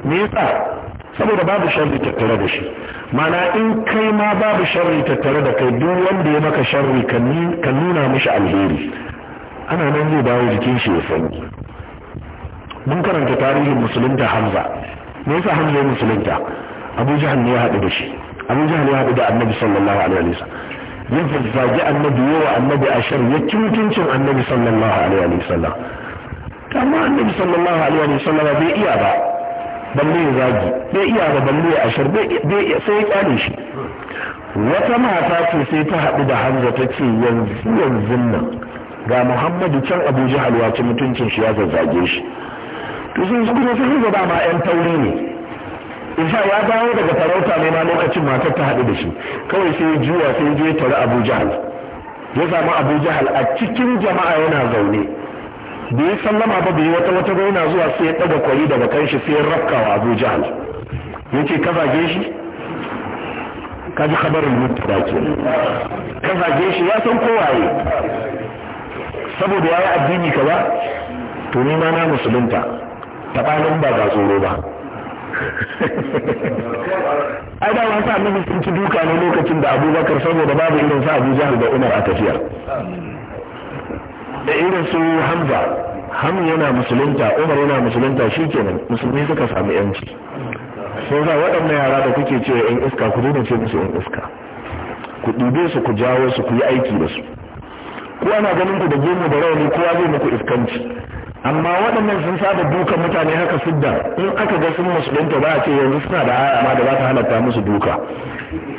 me yasa saboda babu sharri tattare da shi mana in kai ma babu sharri tattare da kai duk wanda ya maka sharri kan nuna mishi alheri ana nan zai dawo jikin shi ya sanyi mun karanta tarihin musulunta hamza me yasa hamza ya musulunta abu jahal ne ya haɗu da shi abu jahal ya haɗu da annabi sallallahu alaihi wasallam ya zazzagi annabi yawa annabi ashar ya mutuncin annabi sallallahu alaihi wasallam amma annabi sallallahu alaihi wasallam bai iya ba balle ya zagi bai iya ba balle ya ashar sai ya kyale shi wata mata ce sai ta haɗu da hamza ta ce yanzu yanzu nan ga muhammadu can abu jihar wace mutuncin shi ya zazzage shi to sun su kuma sun gaba ma yan tauri ne isa ya dawo daga farauta ne ma lokacin matar ta haɗu da shi kawai sai juwa sai je tare abu jihar ya samu abu jihar a cikin jama'a yana zaune da ya sallama ba bai wata wata ba zuwa sai ya ɗaga kwari daga kan shi sai ya rafkawa abu jahal ya ce ka zage shi ka ji kabarin mutuwa ke ka zage shi ya san kowaye saboda ya yi addini kaza to ni ma na musulunta tabanin ba ga tsoro ba ai da wasa annabi sun ci duka ne lokacin da abubakar saboda babu irin sa abu jahal da umar a tafiyar da irin su hamza ham yana musulunta umar yana musulunta shi kenan musulmi suka samu yanci sai za waɗannan yara da kuke ce yan iska ku daina ce musu yan iska ku dube su ku jawo su ku yi aiki da su ku ana ganin ku da gemu da rauni kowa zai muku iskanci amma waɗannan sun saba duka mutane haka sudda in aka ga sun musulunta ba a ce yanzu suna da haya amma da za ta halatta musu duka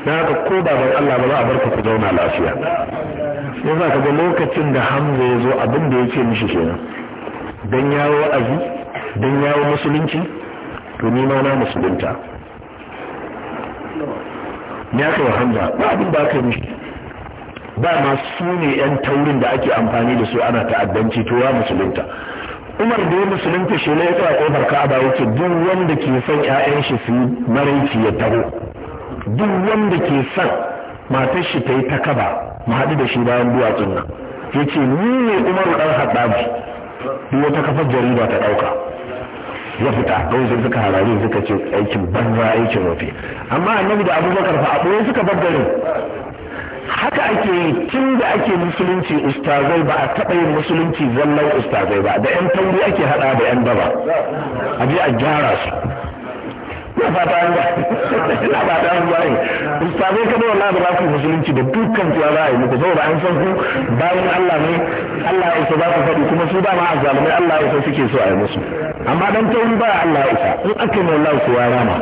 na haka ko ba bai Allah ba za a barka ku zauna lafiya sai za ka ga lokacin da Hamza ya zo abin da ya ce mishi kenan dan yawo wa'azi, dan yawo musulunci to ni ma na musulunta ya ka wa Hamza ba abin da aka yi mishi ba ma su ne yan taurin da ake amfani da su ana ta'addanci to ya musulunta umar da ya musulunta shi ne ya tsaya kofar ka'aba yake duk wanda ke son ƴaƴan shi su maraici ya taho duk wanda ke son matar shi ta yi ta kaba mu haɗu da shi bayan duwatsun nan ya ce ni ne umaru ɗan haɗabi duk wata kafar jarida ta ɗauka ya fita kawai sai suka harare suka ce aikin banza aikin wafi amma annabi da abubakar fa a ɓoye suka bar garin haka ake yi tun da ake musulunci ustazai ba a taɓa yin musulunci zallan ustazai ba da 'yan tauri ake haɗa da 'yan daba a je a gyara su ya fata an ba ina fata an bayi ustazai kada da ba ku musulunci da dukkan tuwa za a yi muku saboda an san ku bayan Allah ne Allah ya isa za ku faɗi kuma su dama a zalumai Allah ya isa suke so a yi musu amma dan tauri ba Allah ya isa in aka yi wallahi su ya rama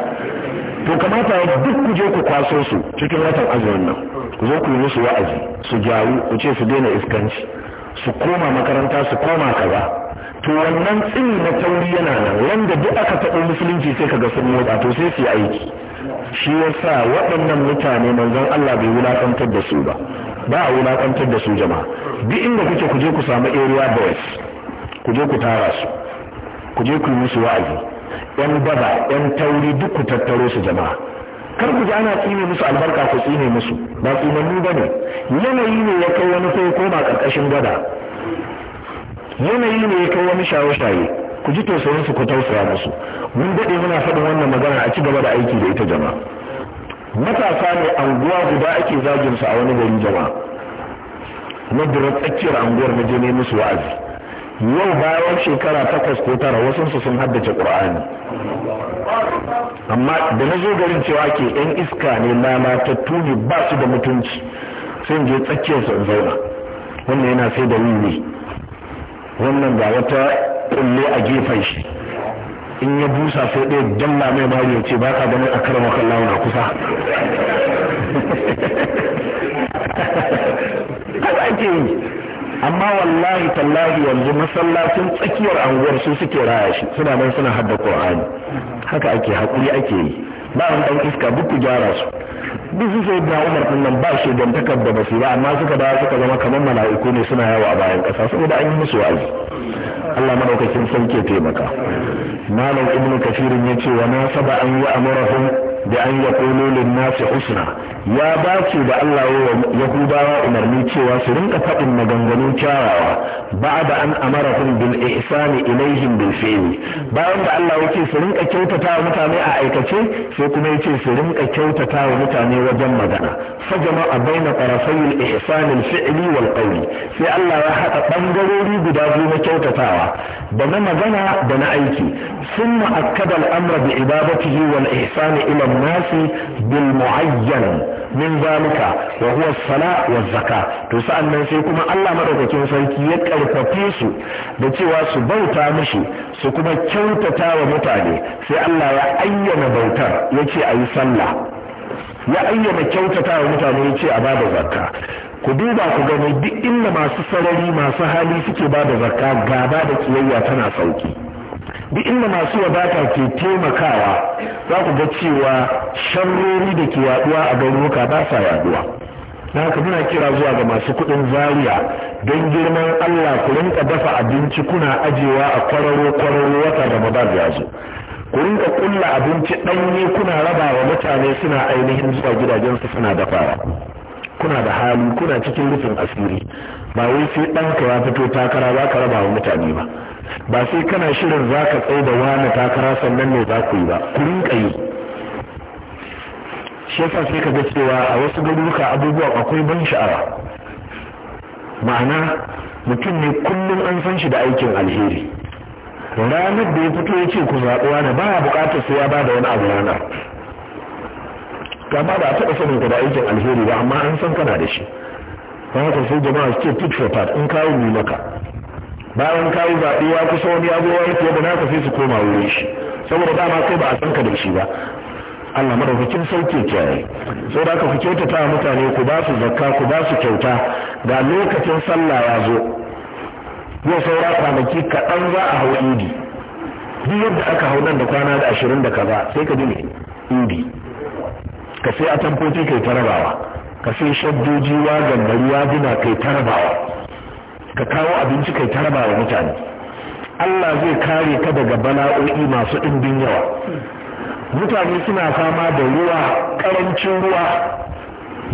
to kamata duk ku je ku kwaso su cikin watan azumin nan ku zo ku yi musu wa'azi su jawo ku ce su daina iskanci su koma makaranta su koma kaza to wannan tsini na tauri yana nan wanda duk aka taɓa musulunci sai kaga sun motsa to sai su yi aiki shi yasa waɗannan mutane manzon Allah bai wulakantar da su ba ba a wulakantar da su jama'a duk inda kuke ku je ku samu area boys ku je ku tara su ku je ku yi musu wa'azi yan baba yan tauri duk ku tattaro su jama'a kar ku ji ana tsine musu albarka ku tsine musu ba tsinanni ba ne yanayi ne ya kai wani sai koma karkashin gada yanayi ne ya kai wani shaye-shaye ku ji tausayin su ku tausaya musu mun daɗe muna faɗin wannan magana a ci gaba da aiki da ita jama'a matasa ne anguwa guda ake zagin su a wani gari jama'a na dura tsakiyar anguwar na je ne musu wa'azi yau bayan shekara takwas ko tara wasu sun haddace ƙur'ani amma da na zo garin cewa ke yan iska ne lalatattu ne ba su da mutunci sun je tsakiyar sun zauna wannan yana sai da wiwi wannan ga wata kulle a gefen shi in ya busa sai ɗaya dalla mai mari ya ce ba ka ganin a karama kallawa na kusa haka ake yi amma wallahi tallahi yanzu masallacin tsakiyar anguwar su suke raya shi suna nan suna hadda qur'ani haka ake hakuri ake yi ba an dan iska dukku gyara su duk su sai da umar din nan ba shi dan takarda ba su ba amma suka da suka zama kamar mala'iku ne suna yawo a bayan kasa saboda an yi musu wa'azi Allah madaukakin sarki ya taimaka malam ibnu kafirin yace wa nasaba an ya'murahum bi an yaqulu lin nasi husna ya dace da Allah ya Yahudawa umarni cewa su rinka faɗin maganganun kyawawa da an amarahum bil ihsani ilaihim bil fi'li bayan da Allah yake su rinka kyautata wa mutane a aikace sai kuma yace su rinka kyautata wa mutane wajen magana fa jama'a baina qarafay al ihsan al fi'li wal qawli sai Allah ya haɗa bangarori guda biyu na kyautatawa da na magana da na aiki ثم أكد الأمر بعبادته والإحسان إلى bil بالمعين min zalika wa huwa sala wa zaka to sa'annan sai kuma Allah madaukakin sarki ya karfafe su da cewa su bauta mishi su kuma kyautata wa mutane sai Allah ya ayyana bautar yace ayi sallah ya ayyana kyautata wa mutane yace a bada zakka ku duba ku gani duk inda masu sarari masu hali suke bada zakka gaba da kiyayya tana sauki duk inda masu wadata ke taimakawa za ku ga cewa sharrori da ke yaduwa a garuruka ba sa yaduwa na haka muna kira zuwa ga masu kuɗin zaria don girman allah ku rinka dafa abinci kuna ajewa a kwararo kwararo watan ramadan ya zo ku rinka kulla abinci ɗanye kuna raba wa mutane suna ainihin zuwa gidajensu suna dafawa kuna da hali kuna cikin rufin asiri ba wai sai ɗanka ya fito takara za ka raba wa mutane ba ba sai kana shirin za ka tsaye da wani takara sannan ne za ku yi ba ku rinka yi shi sai ka ga cewa a wasu garuruka abubuwa akwai ban sha'awa ma'ana mutum ne kullum an san shi da aikin alheri ranar da ya fito ya ce ku zaɓi wani ba ya buƙatar sai ya ba da wani abu rana kama da a taɓa sanin da aikin alheri ba amma an san kana da shi don haka sai jama'a suke tit for tat in kawo ne maka bayan kawo zaɓe ya kusa wani ya wani fiye da naka sai su koma wurin shi saboda dama kai ba a san ka da shi ba Allah madaukakin sauke kyaye sau da aka ku kyautata mutane ku ba su zakka ku ba su kyauta ga lokacin sallah ya zo yau saura kwanaki kaɗan za a hau idi duk yadda aka hau nan da kwana da ashirin da kaza sai ka dine ne idi ka sai a tamfoci kai ta rabawa ka sai shaddoji wa gambari wa gina kai tarabawa ka kawo abinci kai tarabawa mutane Allah zai kare ka daga bala'o'i masu ɗimbin yawa mutane suna fama da ruwa ƙarancin ruwa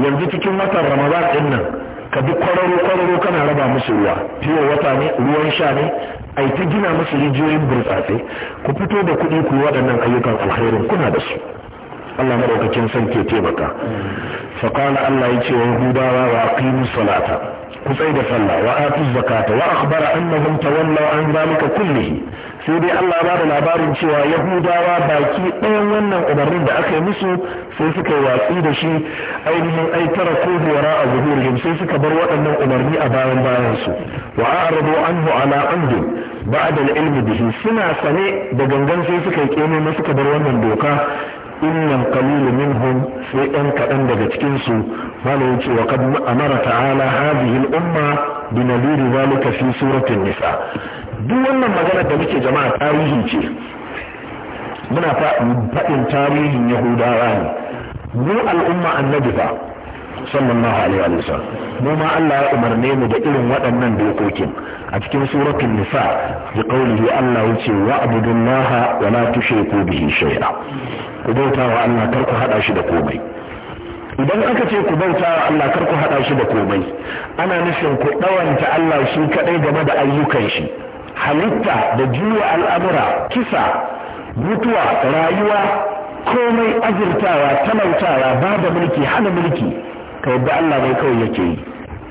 yanzu cikin watan ramadan ɗin nan ka bi kwararo kwararo kana raba musu ruwa fiye wata ne ruwan sha ne a yi ta gina musu rijiyoyin burtsatse ku fito da kuɗi ku yi waɗannan ayyukan alkhairin kuna da su Allah madaukakin son ke taimaka fa Allah yace wa hudawa wa salata ku tsai da sallah wa atuz zakata wa akhbara annahum tawallaw an zalika kullihi sai dai Allah ba da labarin cewa Yahudawa baki ɗayan wannan umarnin da aka yi musu sai suka yi watsi da shi ainihin ai tara ko huwara a zuhurihim sai suka bar waɗannan umarni a bayan bayan su wa a'radu anhu ala amdi ba'da al-ilmi bihi suna sane da gangan sai suka yi kene suka bar wannan doka illan kalilu minhum sai 'yan kaɗan daga cikin su malam yace wa qad amara ta'ala hadhihi al-umma bi nadiri zalika fi suratin nisa duk wannan magana da muke jama'a tarihi ce muna faɗin tarihin yahudawa ne mu al'umma annabi ba, sallallahu alaihi wa sallam mu ma Allah ya umarne mu da irin waɗannan dokokin a cikin suratul nisa bi qawlihi Allah yace wa abudullaha wa la tushriku bihi shay'a ku bauta wa Allah kar ku hada shi da komai idan aka ce ku bauta wa Allah kar ku hada shi da komai ana nufin ku dawanta Allah shi kadai game da ayyukan shi halitta da juya al'amura kisa mutuwa rayuwa komai azurtawa talautawa ba da mulki hana mulki ka yadda Allah mai kawai yake yi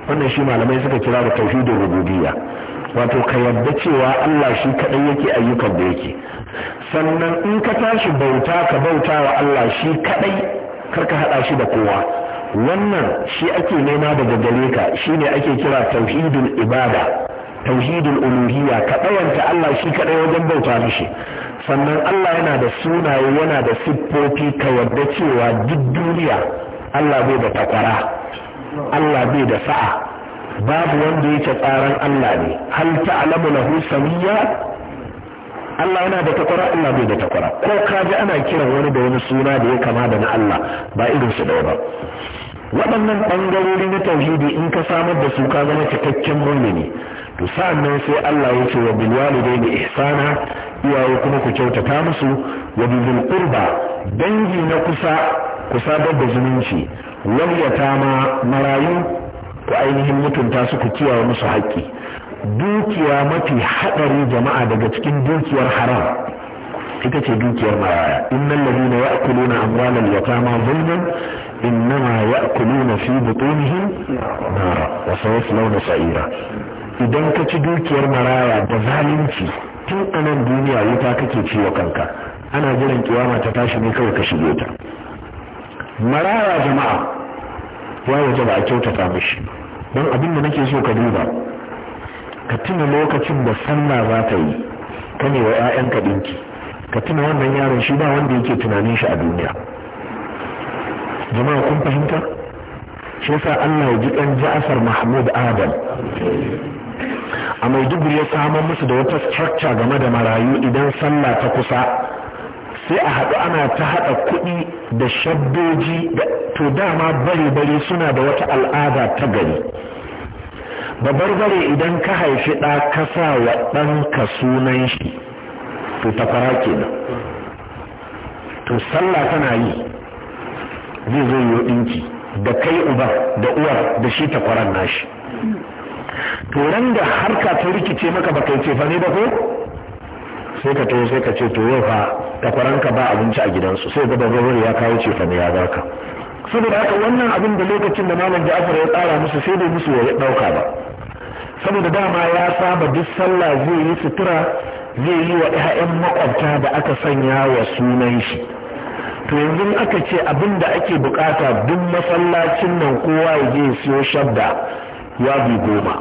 wannan shi malamai suka kira da tauhidin rububiyya wato ka yadda cewa Allah shi kadai yake ayyukan da yake sannan in ka tashi bauta ka bauta wa Allah shi kadai ka hada shi da kowa wannan shi ake nema daga gare ka shine ake kira tauhidul ibada tauhidul uluhiyya ka ɗayanta Allah shi kadai wajen bauta mishi sannan Allah yana da sunaye yana da siffofi ka yarda cewa duk duniya Allah bai da takwara Allah bai da sa'a babu wanda yake tsaron Allah ne hal ta'lamu lahu samiyya Allah yana da takwara Allah bai da takwara ko ka ji ana kiran wani da wani suna da ya kama da na Allah ba irin su da ba waɗannan ɓangarori na tauhidi in ka samar da su ka zama cikakken mulmini to sa'annan sai Allah ya ce wa bil walidaini ihsana iyaye kuma ku kyautata musu wa bil qurba dangi na kusa ku sadar da zumunci wal yatama marayu ku ainihin mutunta su ku kiyaye musu haƙƙi dukiya mafi haɗari jama'a daga cikin dukiyar haram ita ce dukiyar maraya in na ya'kuluna ya yatama zulman innama ya'kuluna fi butunihim Wasu wasu sayaslawna sa'ira idan ka ci dukiyar maraya da zalunci tun anan duniya wuta kake ciwo kanka ana jiran kiyama ta tashi ne kawai ka shige ta maraya jama'a ya waje ba a kyautata mishi don abin da nake so ka duba ka tuna lokacin da sallah za ta yi ka ne wa 'ya'yanka ɗinki ka tuna wannan yaron shi ba wanda yake tunanin shi a duniya jama'a kun fahimta shi yasa Allah ya ji ɗan ja'asar Mahmud Adam a Maiduguri ya samar musu da wata structure game da marayu idan sallah ta kusa sai a haɗu ana ta haɗa kuɗi da shabboji to dama bare-bare suna da wata al'ada ta gari babbar gare idan ka haifi ɗa ka sa wa ɗanka sunan shi to takwara nan, to sallah tana yi zai zo yi ɗinki da kai uba da uwar da shi takwaran nashi to ran da harka ta rikice maka ba kai cefa ne ba ko sai ka taho sai ka ce to yau fa ba abinci a gidansu sai ga babbar ya kawo cefa ne ya baka saboda haka wannan abin da lokacin da malam ja'far ya tsara musu sai dai musu ya dauka ba saboda dama ya saba duk sallah zai yi sutura zai yi wa 'ya'yan makwabta da aka sanya wa sunan shi to yanzu aka ce abin da ake bukata duk masallacin nan kowa ya je siyo shabda bi goma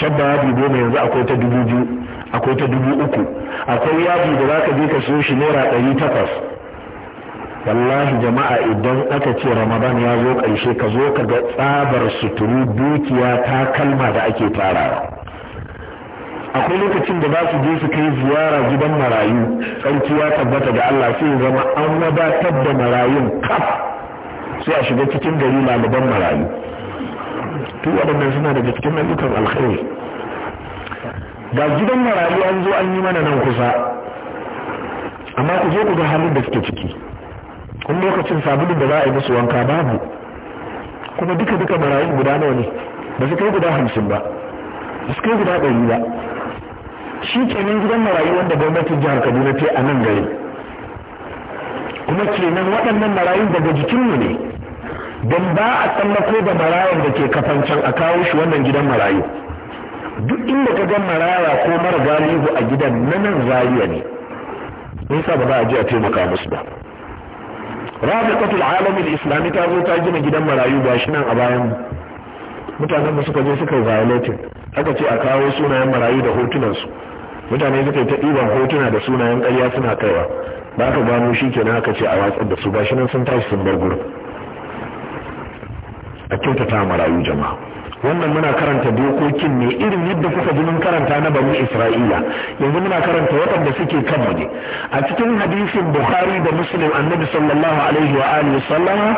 shabda bi goma yanzu akwai ta dubu biyu akwai ta dubu uku akwai yadi da za ka je ka siyo shi naira ɗari takwas wallahi jama'a idan aka ce ramadan ya zo ƙarshe ka zo ka ga tsabar suturu dukiya ta kalma da ake tarawa akwai lokacin da za su je su kai ziyara gidan marayu tsarki ya tabbata da Allah sai zama an wadatar da marayun kaf sai a shiga cikin gari laliban marayu tu waɗannan suna daga cikin ayyukan alkhairi ga gidan marayu an zo an yi mana nan kusa amma ku zo ku ga halin da suke ciki in lokacin sabulun da za a yi musu wanka babu kuma duka duka marayun guda nawa ne ba su kai guda hamsin ba ba su kai guda ɗari ba shi kenan gidan marayu wanda gwamnatin jihar kaduna ce a nan gari kuma kenan waɗannan marayun daga jikinmu ne don ba a tsallako da marayun da ke kafancan a kawo shi wannan gidan marayu duk inda ka ga maraya ko mara galihu a gidan na nan zariya ne nisa ba za a je a taimaka musu ba rabiqatul da islami ta zo ta gina gidan marayu ba shi nan a bayan mu mutanen mu suka je suka yi aka ce a kawo sunayen marayu da hotunan su mutane suka yi ta ɗiban hotuna da sunayen ƙarya suna kaiwa ba aka gano shi kenan aka ce a watsar da su ba shi nan sun tashi sun bar gurin a kyautata marayu jama'a wannan muna karanta dokokin ne irin yadda kuka ji mun karanta na bani isra'ila yanzu muna karanta waɗanda suke kan mu a cikin hadisin bukhari da muslim annabi sallallahu alaihi wa alihi sallama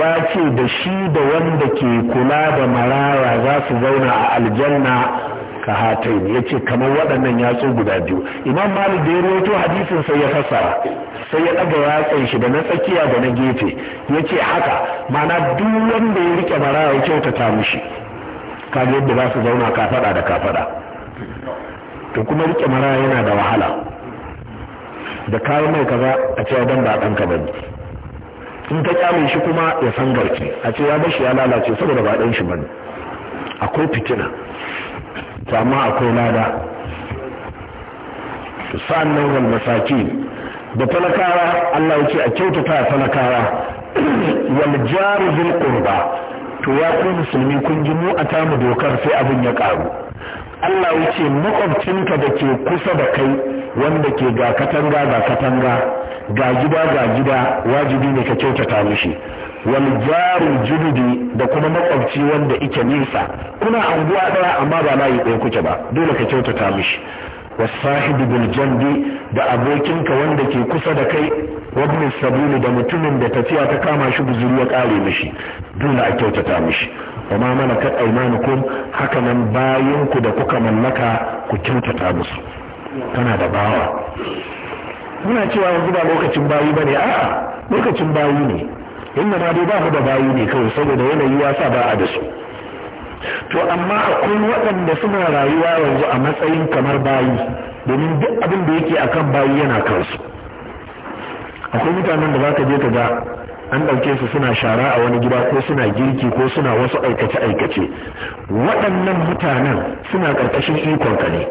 ya ce da shi da wanda ke kula da maraya za su zauna a aljanna ka hatai ya ce kamar waɗannan yatsu guda biyu imam malik da ya rawaito hadisin sai ya fassa sai ya ɗaga yatsan shi da na tsakiya da na gefe ya ce haka mana duk wanda ya rike mara ya kyautata mushi kaga yadda za su zauna kafaɗa da kafaɗa to kuma rike mara yana da wahala da kayan mai kaza a cewa ban ba ɗanka in ka kyamun shi kuma ya san garki a ce ya bashi ya lalace saboda ba ɗan shi bane akwai fitina to amma akwai lada nan wal masaki da talakawa Allah ya ce a kyautata talakawa wal jaru bil qurba to ya ku musulmi kun ji mu a tamu dokar sai abin ya karu Allah ya ce makwabcinka da ke kusa da kai wanda ke ga katanga ga katanga ga gida ga gida wajibi ne ka kyautata mishi wal jaru junubi da kuma makwabci wanda ike nisa kuna anguwa daya amma ba layi ɗaya kuke ba dole ka kyautata mishi wasahibu bil jandi da abokinka wanda ke kusa da kai wabni sabulu da mutumin da tafiya ta kama shi guzuri ya kare mishi dole a kyautata mishi wa mana malakat aymanukum haka nan bayinku da kuka mallaka ku kyautata musu kana da bawa muna cewa yanzu ba lokacin bayi bane a'a lokacin bayi ne inda ma dai ba da bayi ne kawai saboda yanayi ya sa ba a da su to amma akwai waɗanda suna rayuwa yanzu a matsayin kamar bayi domin duk abin da yake akan bayi yana kansu akwai mutanen da zaka je ka ga an ɗauke su suna shara a wani gida ko suna girki ko suna wasu aikace-aikace waɗannan mutanen suna ƙarƙashin ikon ka ne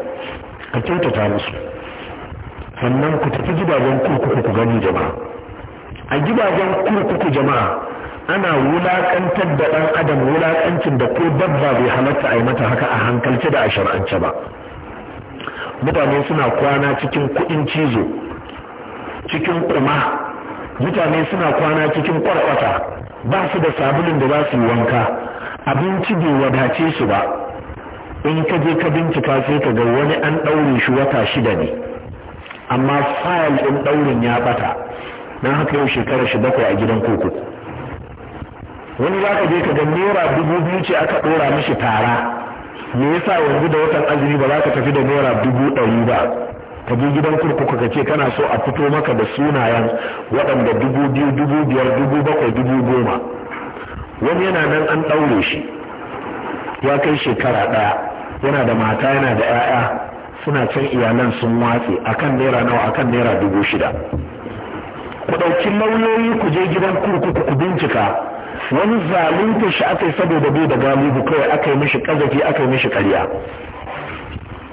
ka kyautata musu sannan ku tafi gidajen kurkuku ku gani jama'a a gidajen kurkuku jama'a ana wulakantar da ɗan adam wulakancin da ko dabba bai halatta a yi mata haka a hankalce da a shar'ance ba mutane suna kwana cikin kuɗin cizo cikin kuma mutane suna kwana cikin kwarkwata ba su da sabulun da za su yi wanka abinci bai wadace su ba in ka je ka bincika sai ka ga wani an ɗaure shi wata shida ne amma fayil ɗin ɗaurin ya ɓata don haka yau shekara shi bakwai a gidan kurkuku wani za ka je ka ga naira dubu biyu ce aka ɗora mishi tara me yasa yanzu da watan azumi ba za ka tafi da naira dubu ɗari ba ka je gidan kurkuku ka ce kana so a fito maka da sunayen waɗanda dubu biyu dubu biyar dubu bakwai dubu goma wani yana nan an ɗaure shi ya kai shekara ɗaya yana da mata yana da 'ya'ya suna can iyalan sun watse akan naira nawa akan naira dubu shida ku ɗauki lauyoyi ku je gidan kurkuku ku bincika wani zalunta shi aka yi saboda bai da galibu kawai aka yi mishi ƙazafi aka yi mishi ƙarya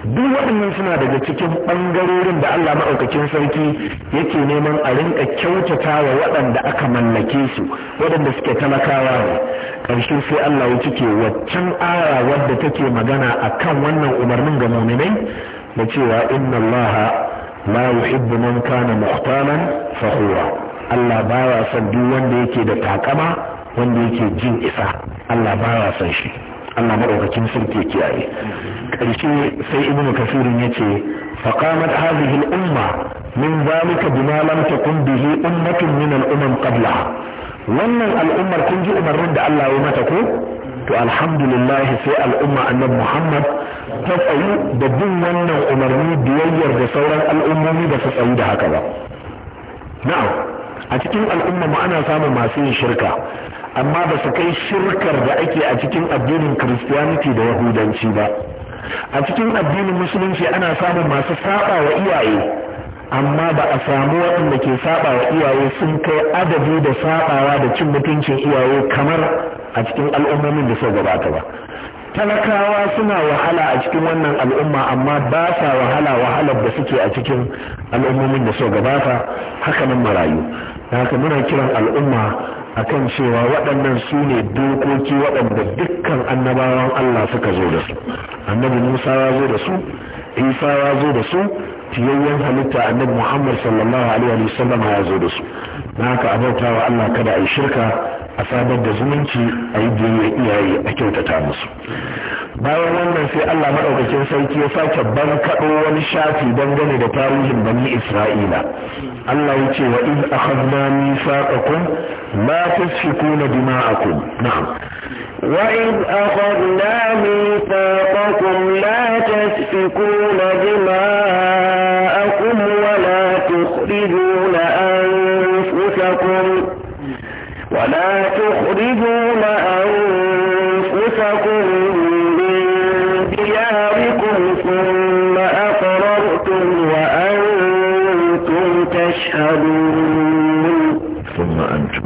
duk waɗannan suna daga cikin ɓangarorin da Allah maɗaukakin sarki yake neman a rinka kyautata wa waɗanda aka mallake su waɗanda suke talakawa ne ƙarshe sai Allah ya cike waccan aya wadda take magana akan wannan umarnin ga muminai da cewa inna allaha. la yuhibbu man kana muhtaman fakhura Allah baya son duk wanda yake da takama wanda yake jin isa Allah baya son shi Allah madaukakin sarki kiyaye karshe sai ibnu kasirin yace faqamat hadhihi al-umma min zalika bima lam takun bihi ummatun min al-umam qablaha wannan al'ummar kun ji umarnin da Allah ya mata ko to alhamdulillah sai al'umma annabi Muhammad ta tsayi da bin wannan umarni biyayyar da sauran al'ummomi ba su tsayu da haka ba na'am a cikin al'umma ma ana samun masu yin shirka amma ba su kai shirkar da ake a cikin addinin kiristiyaniti da yahudanci ba a cikin addinin musulunci ana samun masu saba wa iyaye amma ba a samu waɗanda ke saba wa iyaye sun kai adadi da sabawa da cin mutuncin iyaye kamar a cikin al'ummomin da suka gabata ba talakawa suna wahala a cikin wannan al'umma amma ba sa wahala wahalar da suke a cikin al'ummomin da so gabata hakanan marayu da haka muna kiran al'umma akan cewa waɗannan su ne dokoki waɗanda dukkan annabawan Allah suka zo da su annabi Musa ya zo da su Isa ya zo da su fiyayyen halitta annabi Muhammad sallallahu alaihi wa sallam ya zo da su na haka abautawa Allah kada a yi shirka a sadar da zumunci a yi biyayya iyaye a kyautata musu bayan wannan sai Allah maɗaukakin sarki ya sake ban kaɗo wani shafi dangane da tarihin bani Isra'ila Allah ya ce wa iz akhadna mithaqakum la tusfikuna dima'akum na'am wa iz akhadna mithaqakum la tusfikuna dima'akum أقررتم وأنتم تشهدون ثم أنتم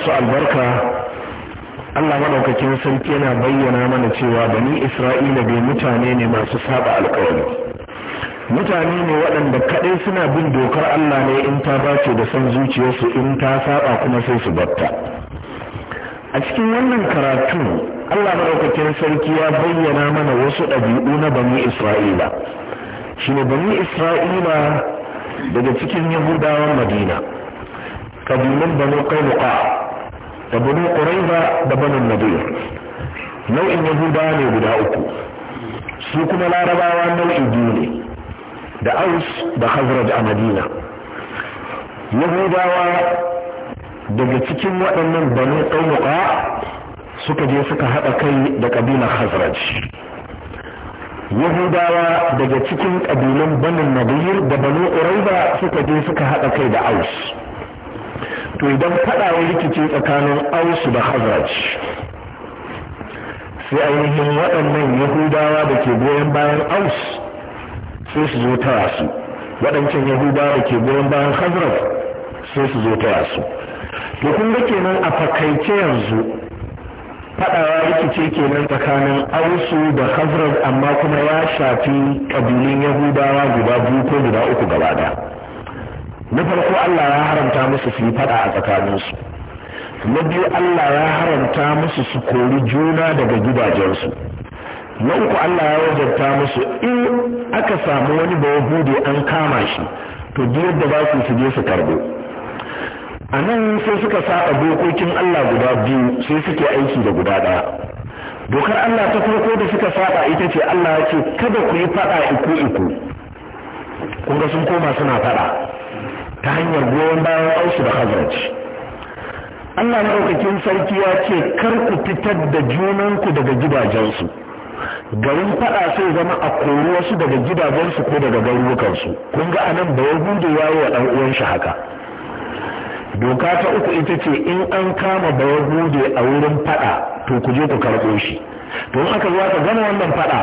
masu albarka Allah maɗaukakin sarki yana bayyana mana cewa bani Isra'ila bai mutane ne masu saba alkawari mutane ne waɗanda kaɗai suna bin dokar Allah ne in ta bace da san zuciyarsu in ta saba kuma sai su batta a cikin wannan karatu Allah maɗaukakin sarki ya bayyana mana wasu ɗabi'u na bani Isra'ila shine bani Isra'ila daga cikin Yahudawan Madina kabilan banu Qainuqa da banu ƙuraiba da banu nadir nau'in yahuda ne guda uku su kuma larabawa nau'i biyu ne da aus da hazraj a madina yahudawa daga cikin waɗannan banu ƙaunuka suka je suka haɗa kai da ƙabilar hazraj yahudawa daga cikin ƙabilun banin nadir da banu ƙuraiba suka je suka haɗa kai da aus to idan faɗawa rikice tsakanin ausu da hazraj sai ainihin waɗannan yahudawa da ke goyon bayan aus sai su zo ta rasu waɗancan yahudawa da ke goyon bayan hazaj sai su zo ta rasu to kun ga kenan a fakaice yanzu faɗawa rikice kenan tsakanin ausu da hazaj amma kuma ya shafi ƙabilun yahudawa guda biyu ko guda uku gaba ɗaya na farko Allah ya haramta musu su yi fada a tsakaninsu na biyu Allah ya haramta musu su kori juna daga gidajensu na uku Allah ya wajarta musu in aka samu wani bayahude an kama shi to duk da basu su su je su karbo a nan sai suka saba dokokin Allah guda biyu sai suke aiki da guda ɗaya dokar Allah ta farko da suka saba ita ce Allah ya ce kada ku yi fada iku iku kun ga sun koma suna fada ta hanyar goyon bayan ausu da hazarci Allah maɗaukakin sarki ya ce kar ku fitar da junanku daga gidajensu garin faɗa sai zama a kori wasu daga gidajensu ko daga garurukansu kun ga anan da ya gudu ya yi wa ɗan uwan shi haka doka ta uku ita ce in an kama da ya gudu a wurin faɗa to ku je ku karɓo shi to in aka zo ka gama wannan faɗa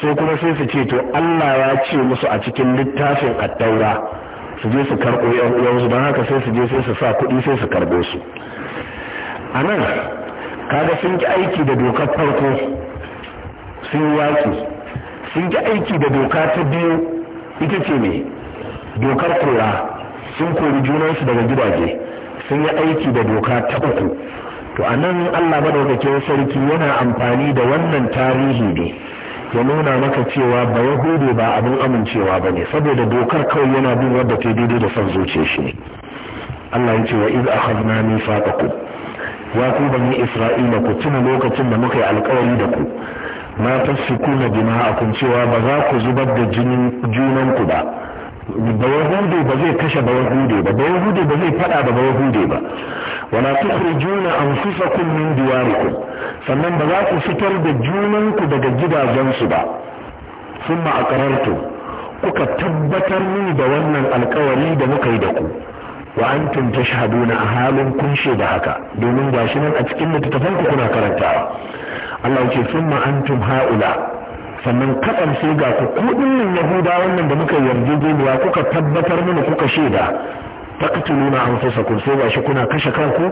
sai kuma sai su ce to Allah ya ce musu a cikin littafin attaura su je su karɓo yan uwansu don haka sai su je sai su sa kuɗi sai su karɓo su a nan kaga sun ki aiki da dokar farko sun yaƙi sun ki aiki da doka ta biyu ita ce ne dokar kora sun kori junansu daga gidaje sun yi aiki da doka ta uku to a nan allah madaukakin sarki yana amfani da wannan tarihi ne ya nuna maka cewa ba yahudu ba abin amincewa ba ne saboda dokar kawai yana bin wadda ta daidai da son zuciya shi ne Allah ya ce wa iz akhadna mithaqakum ya ku bani isra'ila ku tuna lokacin da muka yi alkawari da ku ma tasfikuna dima'akum cewa ba za ku zubar da jinin ku ba bawahude ba zai kashe bawahude ba bawahude ba zai fada da bawahude ba wala tukhrijuna anfusakum min diyarikum sannan ba za ku fitar da junanku daga gidajensu ba summa aqrartu kuka tabbatar mini da wannan alkawari da muka yi da ku wa antum tashhaduna a halin kun da haka domin gashi nan a cikin littattafan ku kuna karantawa Allah ya ce summa antum haula sannan kaɗan sai ga ku kuɗin nan yahuda wannan da muka yarjejeniya kuka tabbatar mana kuka shaida taqtuluna anfusakum sai gashi kuna kashe kanku